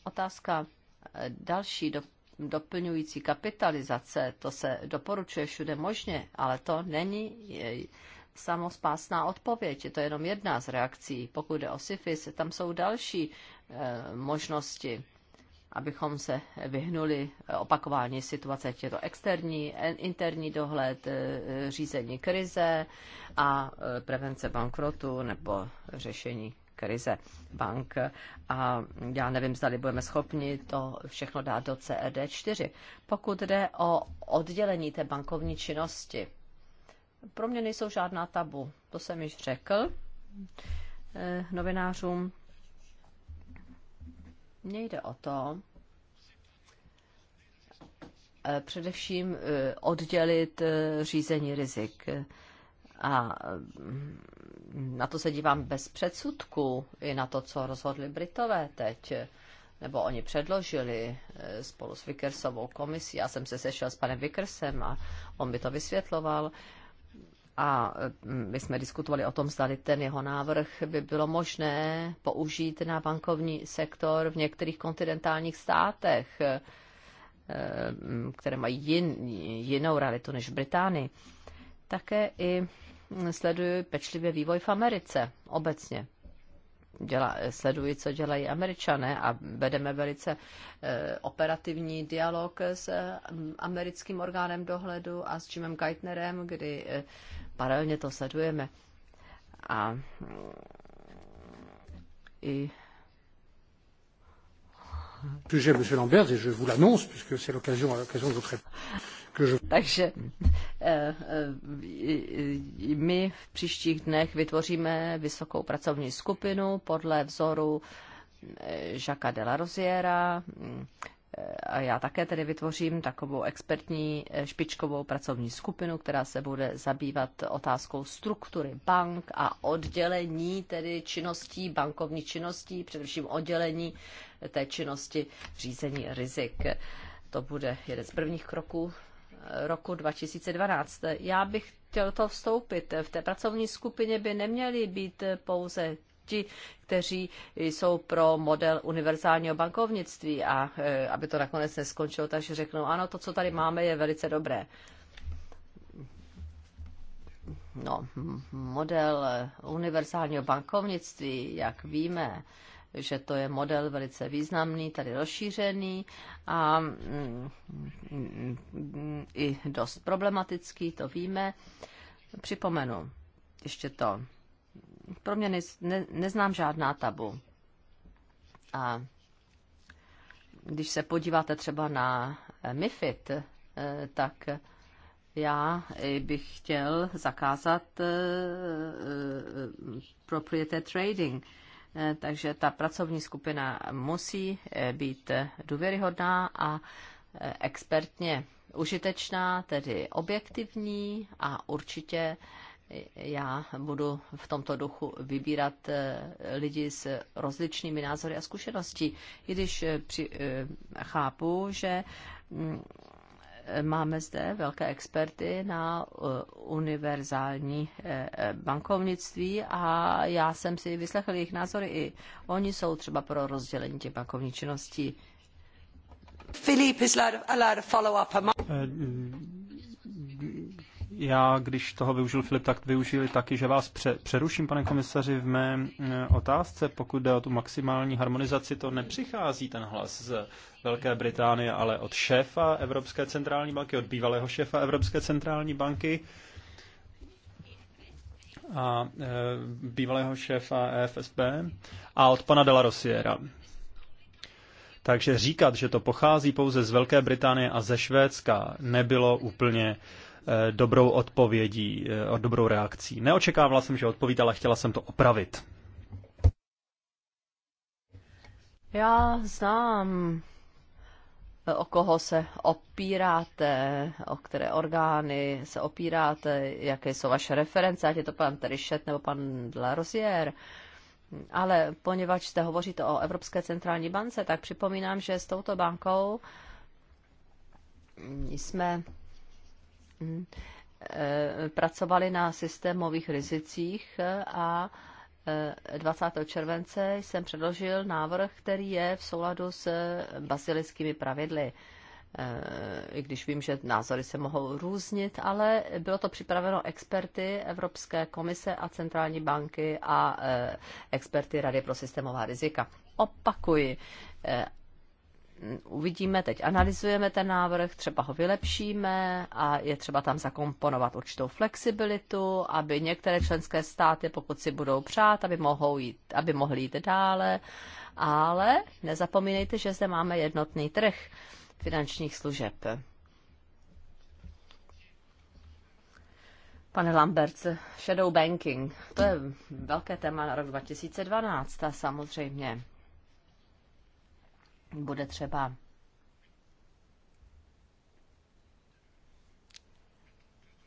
C: Otázka eh, další do, doplňující kapitalizace, to se doporučuje všude možně, ale to není eh, samospásná odpověď. Je to jenom jedna z reakcí. Pokud jde o syfis, tam jsou další možnosti abychom se vyhnuli opakování situace, ať je to externí, interní dohled, e, řízení krize a e, prevence bankrotu nebo řešení krize bank. A já nevím, zda budeme schopni to všechno dát do CRD4. E Pokud jde o oddělení té bankovní činnosti, pro mě nejsou žádná tabu. To jsem již řekl novinářům mně jde o to, eh, především eh, oddělit eh, řízení rizik. A mm, na to se dívám bez předsudku, i na to, co rozhodli Britové teď, nebo oni předložili spolu s Vickersovou komisí. Já jsem se sešel s panem Vickersem a on by to vysvětloval a mm, my jsme diskutovali o tom, zda ten jeho návrh by bylo možné použít na bankovní sektor v některých kontinentálních státech, eh, mm, které mají jin, jinou realitu než v Británii. Také i sleduji pečlivě vývoj v Americe obecně. Děla, sleduji, co dělají američané a vedeme velice eh, operativní dialog s mm, americkým orgánem dohledu a s Jimem Geithnerem, kdy eh, paralelně to sledujeme. A i que Monsieur Lambert, et je vous l'annonce, puisque c'est l'occasion, l'occasion de votre Takže eh, eh, my v příštích dnech vytvoříme vysokou pracovní skupinu podle vzoru eh, Jacques de la Rosiera, a já také tedy vytvořím takovou expertní eh, špičkovou pracovní skupinu, která se bude zabývat otázkou struktury bank a oddělení tedy činností, bankovní činností, především oddělení eh, té činnosti řízení rizik. To bude jeden z prvních kroků eh, roku 2012. Já bych chtěl to vstoupit. V té pracovní skupině by neměly být pouze ti, kteří jsou pro model univerzálního bankovnictví a e, aby to nakonec neskončilo, takže řeknou, ano, to, co tady máme, je velice dobré. No, model e, univerzálního bankovnictví, jak víme, že to je model velice významný, tady rozšířený a mm, mm, i dost problematický, to víme. Připomenu ještě to, pro mě ne, neznám žádná tabu. A když se podíváte třeba na eh, MIFID, eh, tak já bych chtěl zakázat eh, proprietary trading. Takže ta pracovní skupina musí být důvěryhodná a expertně užitečná, tedy objektivní a určitě já budu v tomto duchu vybírat eh, lidi s rozličnými názory a zkušeností, i když eh, při, eh, chápu, že mm, máme zde velké experty na univerzální bankovnictví a já jsem si vyslechl jejich názory i oni jsou třeba pro rozdělení těch bankovních činností. Filip is allowed to follow up.
D: Já, když toho využil Filip, tak využili taky, že vás pře- přeruším, pane komisaři, v mé otázce. Pokud jde o tu maximální harmonizaci, to nepřichází ten hlas z Velké Británie, ale od šéfa Evropské centrální banky, od bývalého šéfa Evropské centrální banky a e, bývalého šéfa EFSB a od pana Rosiera. Takže říkat, že to pochází pouze z Velké Británie a ze Švédska, nebylo úplně Eh, dobrou odpovědí, eh, dobrou reakcí. Neočekávala jsem, že odpovíte, ale chtěla jsem to opravit.
C: Já znám, eh, o koho se opíráte, o které orgány se opíráte, jaké jsou vaše reference, ať je to pan Trichet nebo pan Larosier. Ale poněvadž jste hovoříte o Evropské centrální bance, tak připomínám, že s touto bankou jsme Eh, pracovali na systémových rizicích a 20. Eh, července jsem předložil návrh, který je v souladu s basilickými pravidly. Eh, I když vím, že názory se mohou různit, ale bylo to připraveno experty Evropské komise a Centrální banky a experty Rady pro systémová rizika. Opakuji, uvidíme, teď analyzujeme ten návrh, třeba ho vylepšíme a je třeba tam zakomponovat určitou flexibilitu, aby některé členské státy, pokud si budou přát, aby, mohou jít, aby mohly jít dále. Ale nezapomínejte, že zde máme jednotný trh finančních služeb. Pane Lambert, shadow banking, to je velké téma na rok 2012 a samozřejmě bude třeba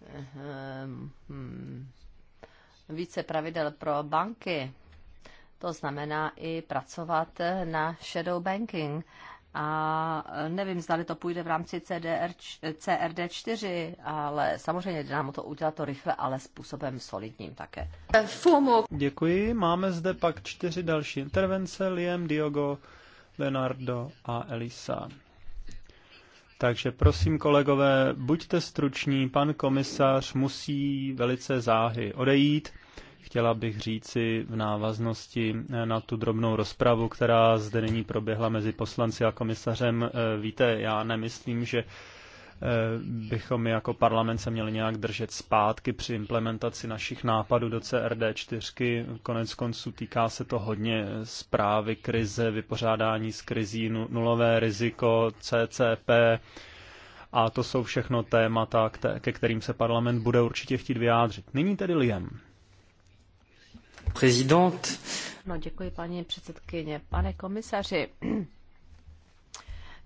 C: ehm, hmm, více pravidel pro banky. To znamená i pracovat na shadow banking. A nevím, zda to půjde v rámci CDR, CRD4, ale samozřejmě jde nám to udělat to rychle, ale způsobem solidním také.
D: Děkuji. Máme zde pak čtyři další intervence. Liam, Diogo, Leonardo a Elisa. Takže prosím, kolegové, buďte struční, pan komisař musí velice záhy odejít. Chtěla bych říci v návaznosti eh, na tu drobnou rozpravu, která zde nyní proběhla mezi poslanci a komisařem. Eh, víte, já nemyslím, že Eh, bychom jako parlament se měli nějak držet zpátky při implementaci našich nápadů do CRD4. Konec konců týká se to hodně zprávy krize, vypořádání z krizí, nulové riziko, CCP, a to jsou všechno témata, ke kterým se parlament bude určitě chtít vyjádřit. Nyní tedy Liam.
C: Prezident. No děkuji paní předsedkyně. Pane komisaři,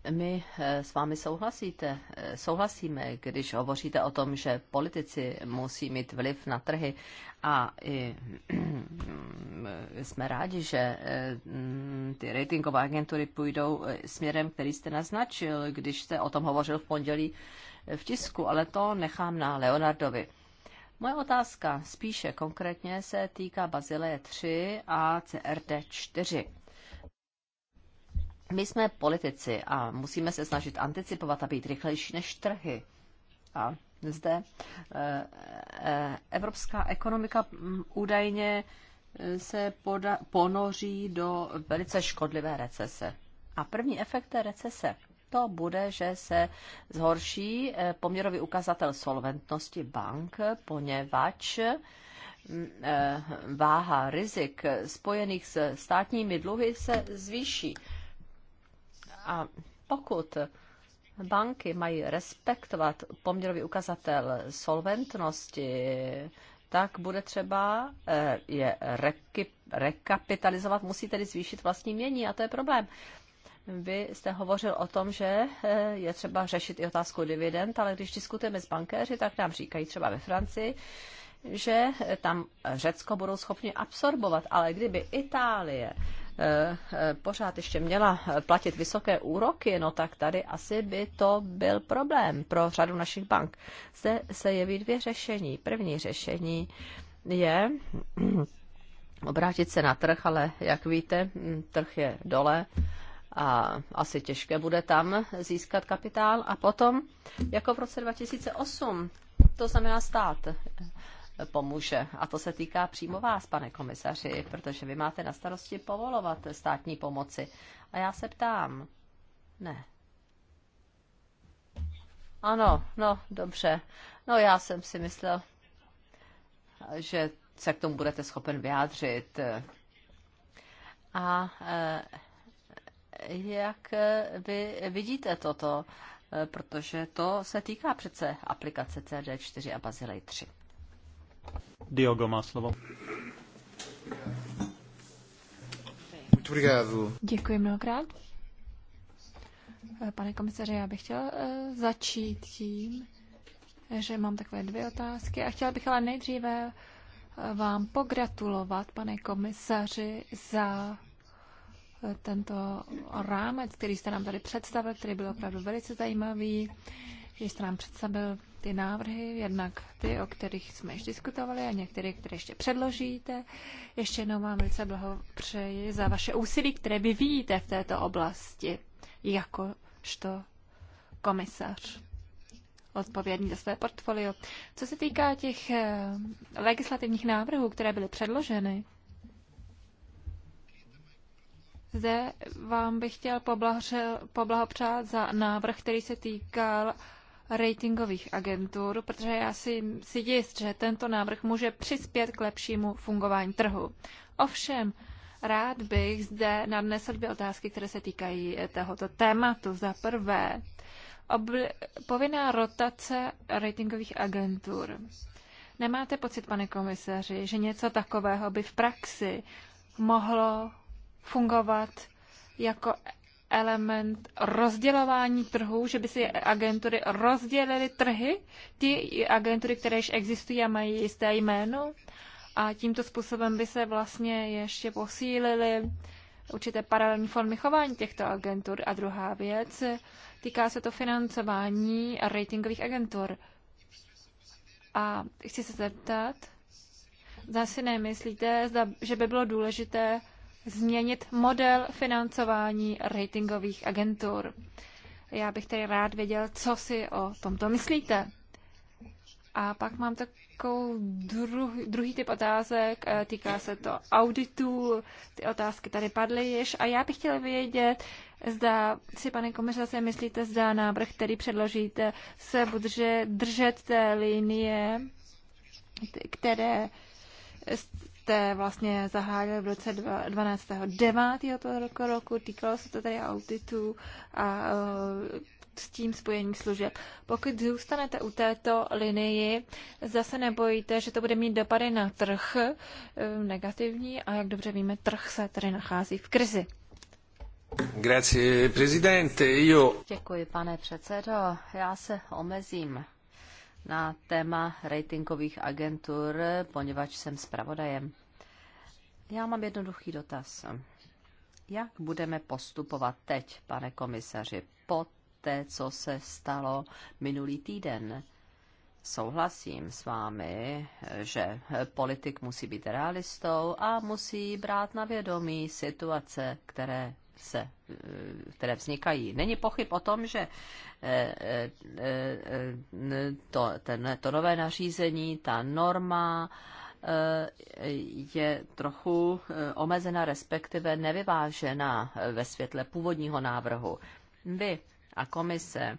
C: my eh, s vámi souhlasíte, eh, souhlasíme, když hovoříte o tom, že politici musí mít vliv na trhy a i, eh, jsme rádi, že mm, ty ratingové agentury půjdou směrem, který jste naznačil, když jste o tom hovořil v pondělí v tisku, ale to nechám na Leonardovi. Moje otázka spíše konkrétně se týká Bazileje 3 a CRD 4. My jsme politici a musíme se snažit anticipovat a být rychlejší než trhy. A zde eh, eh, evropská ekonomika mm, údajně eh, se poda- ponoří do velice škodlivé recese. A první efekt té recese to bude, že se zhorší poměrový ukazatel solventnosti bank, poněvadž mm, váha rizik spojených s státními dluhy se zvýší. A pokud banky mají respektovat poměrový ukazatel solventnosti, tak bude třeba eh, je rekapitalizovat, musí tedy zvýšit vlastní mění a to je problém. Vy jste hovořil o tom, že eh, je třeba řešit i otázku dividend, ale když diskutujeme s bankéři, tak nám říkají třeba ve Francii, že tam Řecko budou schopni absorbovat, ale kdyby Itálie Eh, eh, pořád ještě měla platit vysoké úroky, no tak tady asi by to byl problém pro řadu našich bank. Zde se jeví dvě řešení. První řešení je obrátit se na trh, ale jak víte, mm, trh je dole a asi těžké bude tam získat kapitál. A potom, jako v roce 2008, to znamená stát pomůže. A to se týká přímo vás, pane komisaři, protože vy máte na starosti povolovat státní pomoci. A já se ptám. Ne. Ano, no, dobře. No, já jsem si myslel, že se k tomu budete schopen vyjádřit. A eh, jak eh, vy vidíte toto? Eh, protože to se týká přece aplikace CD4 a Bazilej 3.
D: Diogo má slovo.
A: Děkuji mnohokrát. Pane komisaři, já bych chtěla eh, začít tím, že mám takové dvě otázky a chtěla bych ale nejdříve eh, vám pogratulovat, pane komisaři, za eh, tento rámec, který jste nám tady představil, který byl opravdu velice zajímavý že jste nám představil ty návrhy, jednak ty, o kterých jsme již diskutovali a některé, které ještě předložíte. Ještě jednou vám velice blahopřeji za vaše úsilí, které vidíte v této oblasti, jakožto komisař odpovědný za své portfolio. Co se týká těch eh, legislativních návrhů, které byly předloženy, zde vám bych chtěl poblahopřát za návrh, který se týkal ratingových agentur, protože já si, si jist, že tento návrh může přispět k lepšímu fungování trhu. Ovšem, rád bych zde nadnesl dvě otázky, které se týkají eh, tohoto tématu. Za prvé, obli- povinná rotace ratingových agentur. Nemáte pocit, pane komisaři, že něco takového by v praxi mohlo fungovat jako element rozdělování trhů, že by si agentury rozdělily trhy, ty agentury, které již existují a mají jisté jméno. A tímto způsobem by se vlastně ještě posílily určité paralelní formy chování těchto agentur. A druhá věc, týká se to financování ratingových agentur. A chci se zeptat, zase nemyslíte, že by bylo důležité změnit model financování ratingových agentur. Já bych tedy rád věděl, co si o tomto myslíte. A pak mám takovou druh, druhý typ otázek, eh, týká se to auditů, ty otázky tady padly již a já bych chtěla vědět, zda si, pane komisaře, myslíte, zda návrh, který předložíte, se bude držet té linie, které jste vlastně zahájili v roce 12. 9. tohoto roku, týkalo se to tady auditu a e, s tím spojených služeb. Pokud zůstanete u této linii, zase nebojíte, že to bude mít dopady na trh e, negativní a jak dobře víme, trh se tady nachází v krizi.
C: Grazie, prezidente. Io...
A: Děkuji, pane předsedo. Já se omezím
C: na téma ratingových agentur, poněvadž jsem zpravodajem. Já mám jednoduchý dotaz. Jak budeme postupovat teď, pane komisaři, po té, co se stalo minulý týden? Souhlasím s vámi, že politik musí být realistou a musí brát na vědomí situace, které se, které vznikají. Není pochyb o tom, že eh, eh, eh, to, ten, to nové nařízení, ta norma, Eh, je trochu eh, omezena, respektive nevyvážená eh, ve světle původního návrhu. Vy a komise,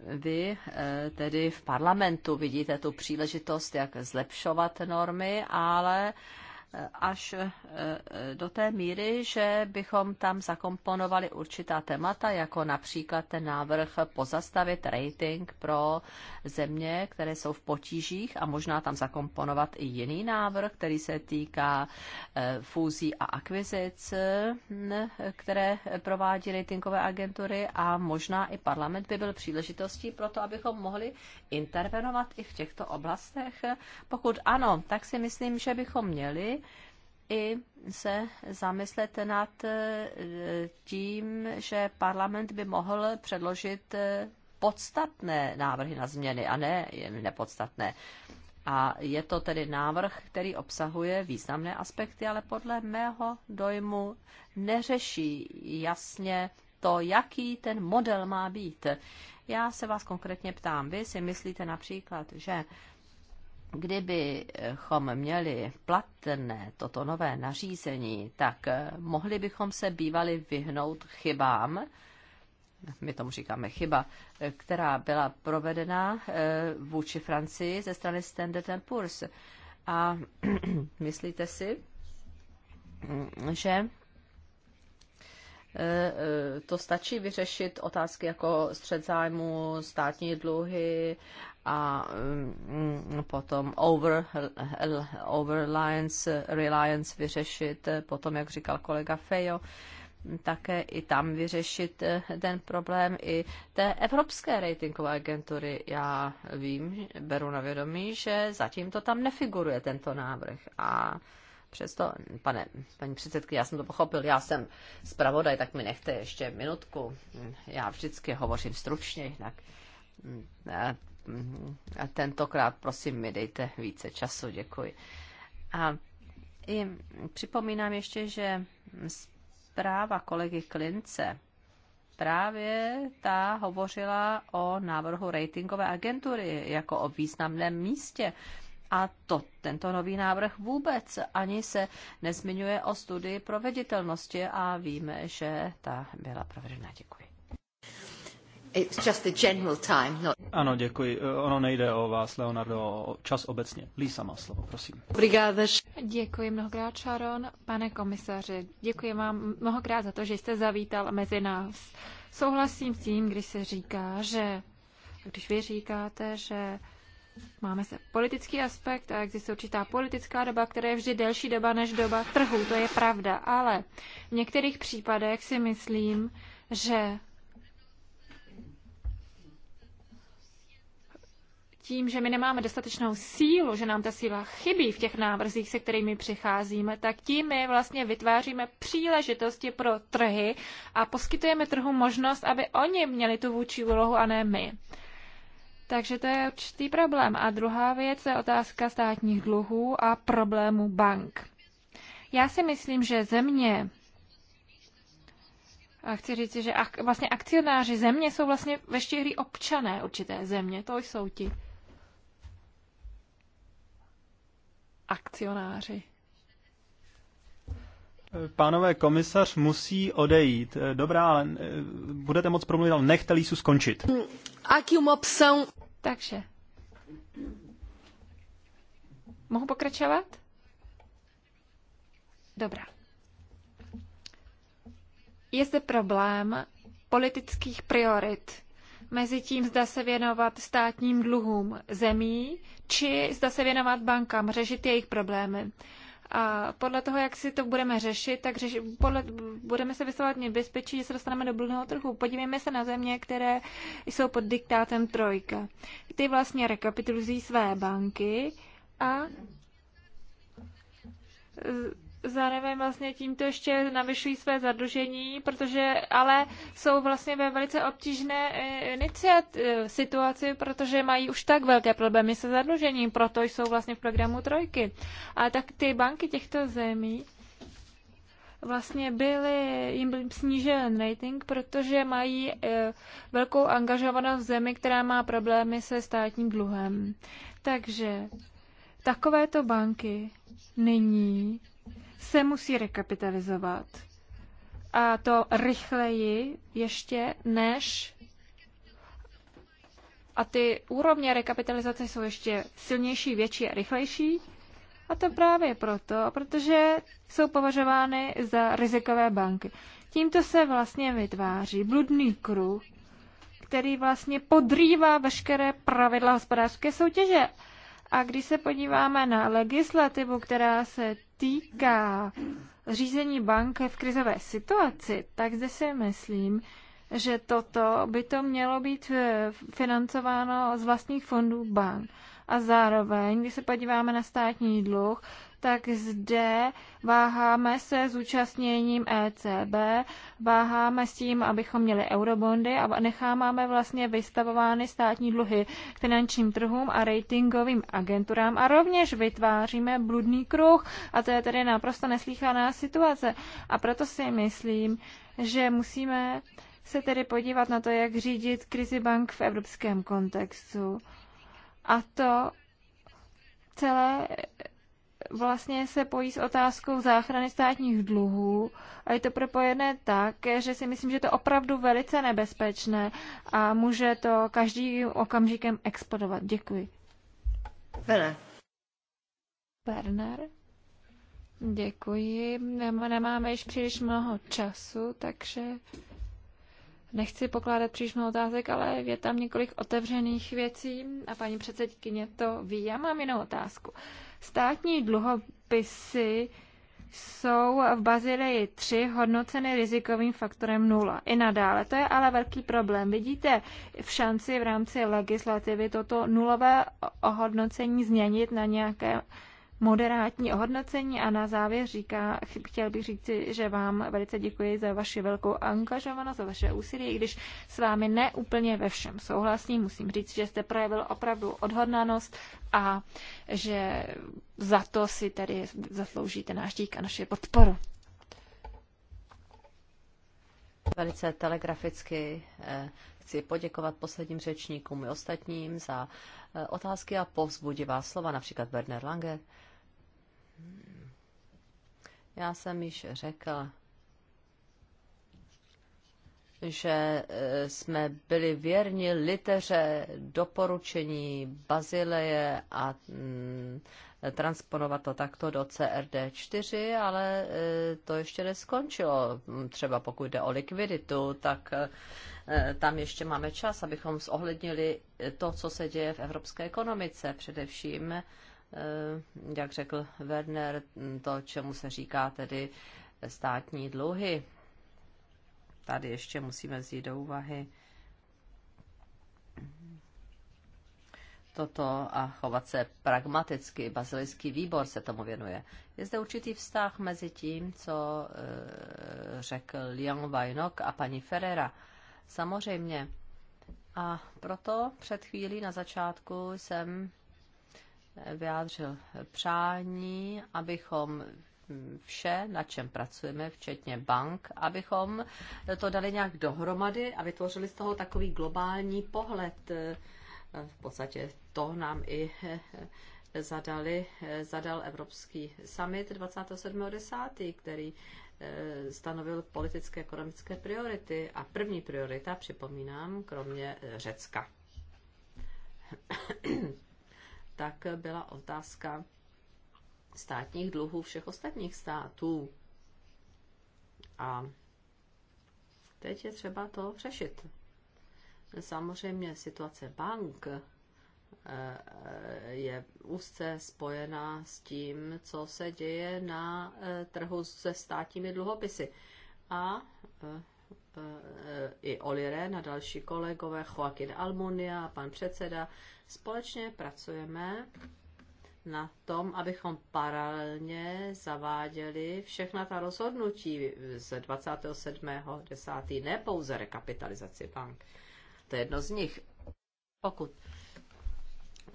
C: vy tedy v parlamentu vidíte tu příležitost, jak zlepšovat normy, ale až eh, eh, do té míry, že bychom tam zakomponovali určitá témata, jako například ten návrh pozastavit rating pro země, které jsou v potížích a možná tam zakomponovat i jiný návrh, který se týká eh, fúzí a akvizic, které provádí ratingové agentury a možná i parlament by byl příležitostí pro to, abychom mohli intervenovat i v těchto oblastech. Pokud ano, tak si myslím, že bychom měli i se zamyslet nad e, tím, že parlament by mohl předložit e, podstatné návrhy na změny a ne jen nepodstatné. A je to tedy návrh, který obsahuje významné aspekty, ale podle mého dojmu neřeší jasně to, jaký ten model má být. Já se vás konkrétně ptám, vy si myslíte například, že kdybychom měli platné toto nové nařízení, tak mohli bychom se bývali vyhnout chybám, my tomu říkáme chyba, která byla provedena eh, vůči Francii ze strany Standard Poor's. A myslíte si, že eh, eh, to stačí vyřešit otázky jako střed zájmu, státní dluhy a mm, potom over, over reliance, reliance vyřešit, potom, jak říkal kolega Fejo, také i tam vyřešit ten problém i té Evropské ratingové agentury. Já vím, beru na vědomí, že zatím to tam nefiguruje, tento návrh. A přesto, pane, paní předsedky, já jsem to pochopil, já jsem zpravodaj, tak mi nechte ještě minutku. Já vždycky hovořím stručně, tak Mhm. a tentokrát prosím mi dejte více času, děkuji. A i připomínám ještě, že zpráva kolegy Klince, právě ta hovořila o návrhu ratingové agentury jako o významném místě. A to, tento nový návrh vůbec ani se nezmiňuje o studii proveditelnosti a víme, že ta byla provedena. Děkuji.
D: It's just the general time, not... Ano, děkuji. Ono nejde o vás, Leonardo, o čas obecně. Lisa má slovo, prosím.
A: Děkuji mnohokrát, Sharon. Pane komisaři, děkuji vám mnohokrát za to, že jste zavítal mezi nás. Souhlasím s tím, když se říká, že když vy říkáte, že máme se politický aspekt a existuje určitá politická doba, která je vždy delší doba než doba trhu, to je pravda, ale v některých případech si myslím, že tím, že my nemáme dostatečnou sílu, že nám ta síla chybí v těch návrzích, se kterými přicházíme, tak tím my vlastně vytváříme příležitosti pro trhy a poskytujeme trhu možnost, aby oni měli tu vůči úlohu a ne my. Takže to je určitý problém. A druhá věc je otázka státních dluhů a problému bank. Já si myslím, že země, a chci říct, že ak, vlastně akcionáři země jsou vlastně veštěhlí občané určité země. To jsou ti akcionáři.
D: Pánové, komisař musí odejít. Dobrá, ale eh, budete moc promluvit, ale nechte Lísu skončit.
A: Takže. Mohu pokračovat? Dobrá. Je zde problém politických priorit mezi tím, zda se věnovat státním dluhům zemí, či zda se věnovat bankám, řešit jejich problémy. A podle toho, jak si to budeme řešit, tak řeši, podle, budeme se vystavovat nebezpečí, že se dostaneme do bludného trhu. Podívejme se na země, které jsou pod diktátem trojka. Ty vlastně rekapitulují své banky a zároveň vlastně tímto ještě navyšují své zadlužení, protože ale jsou vlastně ve velice obtížné eh, iniciat, eh, situaci, protože mají už tak velké problémy se zadlužením, proto jsou vlastně v programu trojky. A tak ty banky těchto zemí vlastně byly, jim byl snížen rating, protože mají eh, velkou angažovanost v zemi, která má problémy se státním dluhem. Takže takovéto banky nyní se musí rekapitalizovat. A to rychleji ještě než a ty úrovně rekapitalizace jsou ještě silnější, větší a rychlejší. A to právě proto, protože jsou považovány za rizikové banky. Tímto se vlastně vytváří bludný kruh, který vlastně podrývá veškeré pravidla hospodářské soutěže. A když se podíváme na legislativu, která se týká řízení bank v krizové situaci, tak zde si myslím, že toto by to mělo být eh, financováno z vlastních fondů bank. A zároveň, když se podíváme na státní dluh, tak zde váháme se zúčastněním ECB, váháme s tím, abychom měli eurobondy a necháváme vlastně vystavovány státní dluhy finančním trhům a ratingovým agenturám a rovněž vytváříme bludný kruh a to je tedy naprosto neslýchaná situace. A proto si myslím, že musíme se tedy podívat na to, jak řídit krizi bank v evropském kontextu. A to celé vlastně se pojí s otázkou záchrany státních dluhů a je to propojené tak, že si myslím, že to opravdu velice nebezpečné a může to každý okamžikem explodovat. Děkuji. Vene. Werner. Děkuji. Nemáme již příliš mnoho času, takže nechci pokládat příliš mnoho otázek, ale je tam několik otevřených věcí a paní předsedkyně to ví. Já mám jinou otázku. Uh, Státní dluhopisy jsou v Bazileji 3 hodnoceny rizikovým faktorem 0. I nadále. To je ale velký problém. Vidíte v šanci v rámci legislativy toto nulové ohodnocení změnit na nějaké moderátní ohodnocení a na závěr říká, chtěl bych říci, že vám velice děkuji za vaši velkou angažovanost, za vaše úsilí, i když s vámi neúplně ve všem souhlasím, musím říct, že jste projevil opravdu odhodnanost a že za to si tedy zasloužíte náš dík a naši podporu. Velice
C: telegraficky eh, chci poděkovat posledním řečníkům i ostatním za eh, otázky a povzbudivá slova, například Werner Lange, já jsem již řekla, že eh, jsme byli věrni liteře doporučení Bazileje a mm, transponovat to takto do CRD4, ale eh, to ještě neskončilo. Třeba pokud jde o likviditu, tak eh, tam ještě máme čas, abychom zohlednili to, co se děje v evropské ekonomice, především Eh, jak řekl Werner, to, čemu se říká tedy státní dluhy. Tady ještě musíme vzít do úvahy toto a chovat se pragmaticky. Bazilijský výbor se tomu věnuje. Je zde určitý vztah mezi tím, co e, řekl Leon Vajnok a paní Ferrera. Samozřejmě. A proto před chvílí na začátku jsem vyjádřil přání, abychom vše, na čem pracujeme, včetně bank, abychom to dali nějak dohromady a vytvořili z toho takový globální pohled. V podstatě to nám i zadali, zadal Evropský summit 27.10., který eh, stanovil politické ekonomické priority. A první priorita, připomínám, kromě eh, Řecka tak byla otázka státních dluhů všech ostatních států. A teď je třeba to řešit. Samozřejmě situace bank eh, je úzce spojená s tím, co se děje na eh, trhu se státními dluhopisy. A eh, i Oli Ren a další kolegové, Joaquin Almunia a pan předseda, společně pracujeme na tom, abychom paralelně zaváděli všechna ta rozhodnutí z 27.10. ne pouze rekapitalizaci bank. To je jedno z nich. Pokud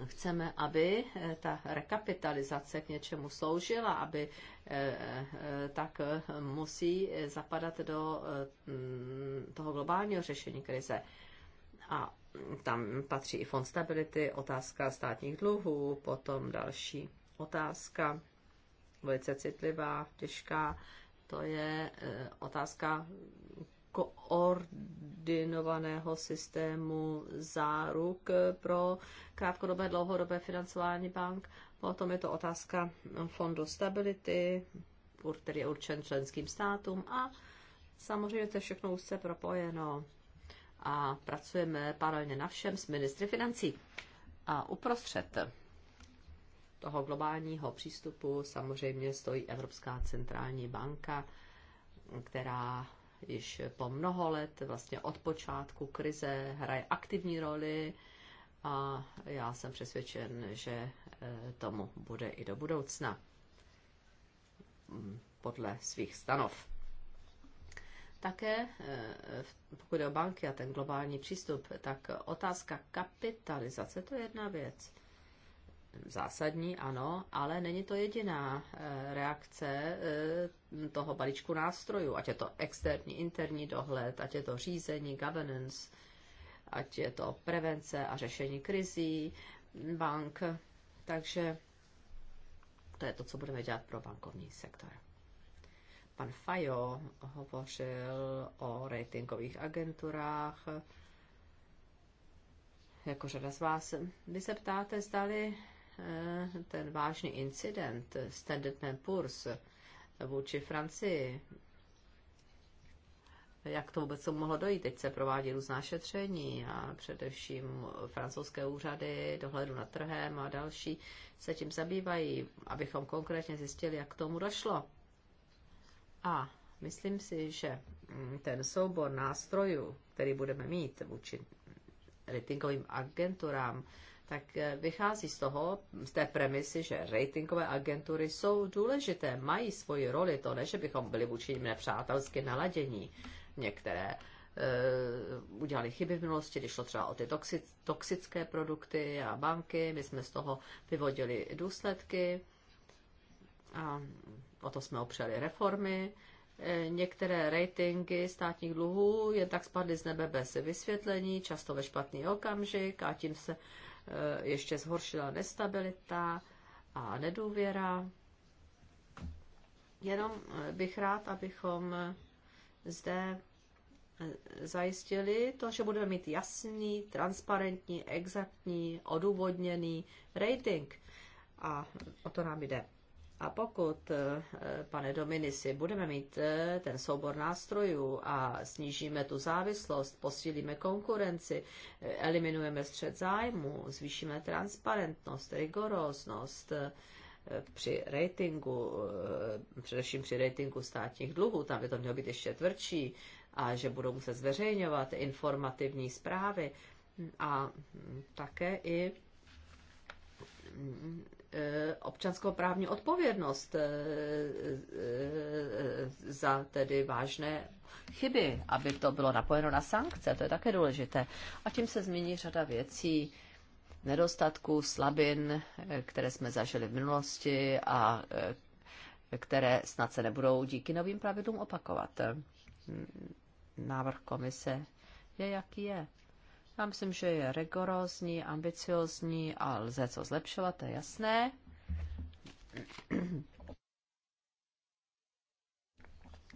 C: chceme, aby eh, ta rekapitalizace k něčemu sloužila, aby eh, eh, tak musí zapadat do mm, toho globálního řešení krize. A tam patří i fond stability, otázka státních dluhů, potom další otázka, velice citlivá, těžká, to je otázka koordinovaného systému záruk pro krátkodobé, dlouhodobé financování bank. Potom je to otázka fondu stability, který je určen členským státům a samozřejmě to je všechno úzce propojeno. A pracujeme paralelně na všem s ministry financí. A uprostřed toho globálního přístupu samozřejmě stojí Evropská centrální banka, která již po mnoho let, vlastně od počátku krize, hraje aktivní roli a já jsem přesvědčen, že eh, tomu bude i do budoucna mm, podle svých stanov. Také, eh, pokud je o banky a ten globální přístup, tak otázka kapitalizace, to je jedna věc zásadní, ano, ale není to jediná eh, reakce eh, toho balíčku nástrojů, ať je to externí, interní dohled, ať je to řízení, governance, ať je to prevence a řešení krizí mm, bank. Takže to je to, co budeme dělat pro bankovní sektor. Pan Fajo hovořil o ratingových agenturách, jako řada z vás. Vy se ptáte, zdali Eh, ten vážný incident Standard Poor's vůči Francii, jak to vůbec mohlo dojít. Teď se provádí různá šetření a především francouzské úřady dohledu nad trhem a další se tím zabývají, abychom konkrétně zjistili, jak k tomu došlo. A myslím si, že mm, ten soubor nástrojů, který budeme mít vůči ratingovým agenturám, tak eh, vychází z toho, z té premisy, že ratingové agentury jsou důležité, mají svoji roli, to ne, že bychom byli vůči nim nepřátelsky naladění. Některé eh, udělali chyby v minulosti, když šlo třeba o ty toxic, toxické produkty a banky, my jsme z toho vyvodili důsledky a o to jsme opřeli reformy. Eh, některé ratingy státních dluhů jen tak spadly z nebe bez vysvětlení, často ve špatný okamžik a tím se Eh, ještě zhoršila nestabilita a nedůvěra. Jenom eh, bych rád, abychom eh, zde zajistili to, že budeme mít jasný, transparentní, exaktní, odůvodněný rating. A o to nám jde. A pokud, eh, pane Dominisi, budeme mít eh, ten soubor nástrojů a snížíme tu závislost, posílíme konkurenci, eh, eliminujeme střed zájmu, zvýšíme transparentnost, rigoróznost při ratingu, především při ratingu státních dluhů, tam by to mělo být ještě tvrdší, a že budou muset zveřejňovat informativní zprávy a také i Eh, právní odpovědnost eh, eh, za tedy vážné chyby, aby to bylo napojeno na sankce, to je také důležité. A tím se změní řada věcí, nedostatků, slabin, které jsme zažili v minulosti a které snad se nebudou díky novým pravidlům opakovat. Hm, návrh komise je, jaký je. Já myslím, že je rigorózní, ambiciozní a lze co zlepšovat, to je jasné.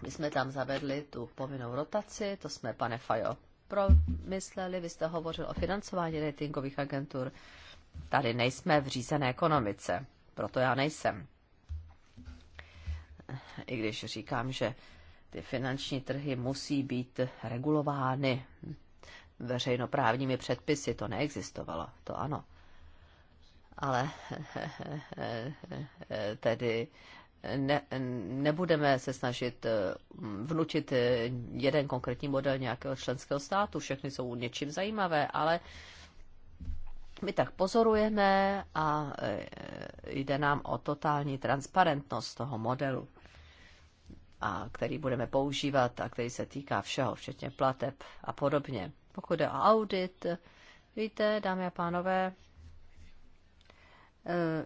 C: My jsme tam zavedli tu povinnou rotaci, to jsme, pane Fajo, promysleli. Vy jste hovořil o financování ratingových agentur. Tady nejsme v řízené ekonomice, proto já nejsem. I když říkám, že ty finanční trhy musí být regulovány veřejnoprávními předpisy. To neexistovalo, to ano. Ale tedy ne, nebudeme se snažit eh, vnučit jeden konkrétní model nějakého členského státu. Všechny jsou něčím zajímavé, ale my tak pozorujeme a eh, jde nám o totální transparentnost toho modelu, a který budeme používat a který se týká všeho, včetně plateb a podobně. Pokud jde o audit, víte, dámy a pánové, eh,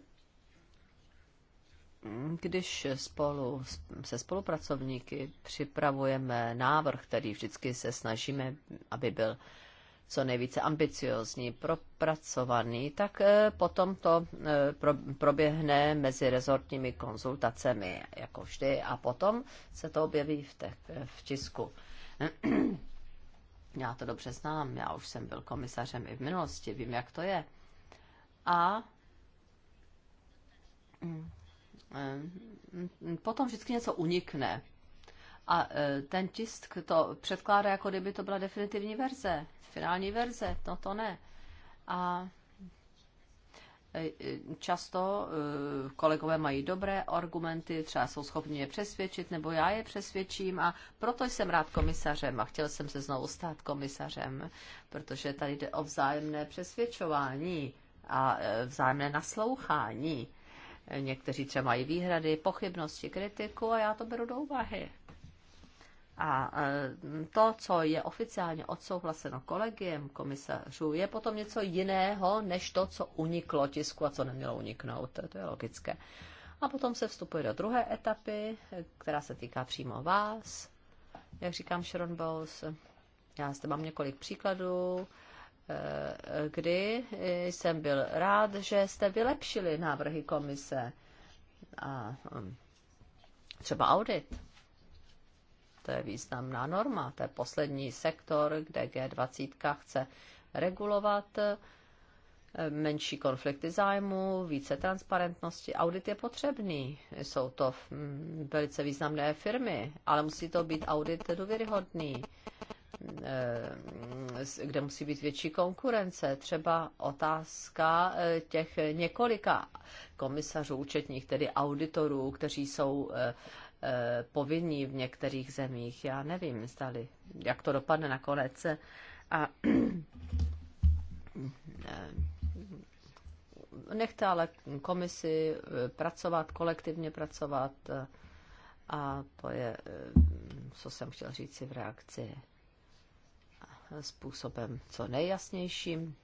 C: když spolu se spolupracovníky připravujeme návrh, který vždycky se snažíme, aby byl co nejvíce ambiciozní, propracovaný, tak eh, potom to eh, proběhne mezi rezortními konzultacemi, jako vždy, a potom se to objeví v, te- v tisku. Já to dobře znám, já už jsem byl komisařem i v minulosti, vím, jak to je. A mm, potom vždycky něco unikne. A e, ten tisk to předkládá, jako kdyby to byla definitivní verze, finální verze, no to ne. A často eh, kolegové mají dobré argumenty, třeba jsou schopni je přesvědčit, nebo já je přesvědčím a proto jsem rád komisařem a chtěl jsem se znovu stát komisařem, protože tady jde o vzájemné přesvědčování a eh, vzájemné naslouchání. Někteří třeba mají výhrady, pochybnosti, kritiku a já to beru do úvahy. A e, to, co je oficiálně odsouhlaseno kolegiem komisařů, je potom něco jiného, než to, co uniklo tisku a co nemělo uniknout. To je logické. A potom se vstupuje do druhé etapy, která se týká přímo vás. Jak říkám Sharon Bowles, já zde mám několik příkladů, e, kdy jsem byl rád, že jste vylepšili návrhy komise a mm, třeba audit to je významná norma, to je poslední sektor, kde G20 chce regulovat eh, menší konflikty zájmu, více transparentnosti. Audit je potřebný. Jsou to mm, velice významné firmy, ale musí to být audit důvěryhodný, eh, kde musí být větší konkurence. Třeba otázka eh, těch několika komisařů účetních, tedy auditorů, kteří jsou Eh, povinní v některých zemích. Já nevím, stali, jak to dopadne na konec. A eh, nechte ale komisi eh, pracovat, kolektivně pracovat. A to je, co jsem chtěl říct si v reakci způsobem co nejjasnějším.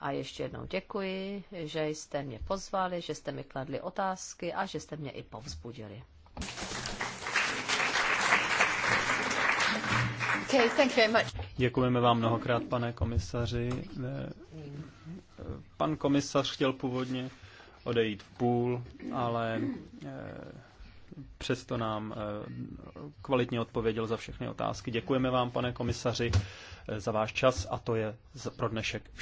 C: A ještě jednou děkuji, že jste mě pozvali, že jste mi kladli otázky a že jste mě i povzbudili.
A: Okay, thank you very much.
D: Děkujeme vám mnohokrát, pane komisaři. Pan komisař chtěl původně odejít v půl, ale eh, přesto nám eh, kvalitně odpověděl za všechny otázky. Děkujeme vám, pane komisaři, eh, za váš čas a to je pro dnešek vše.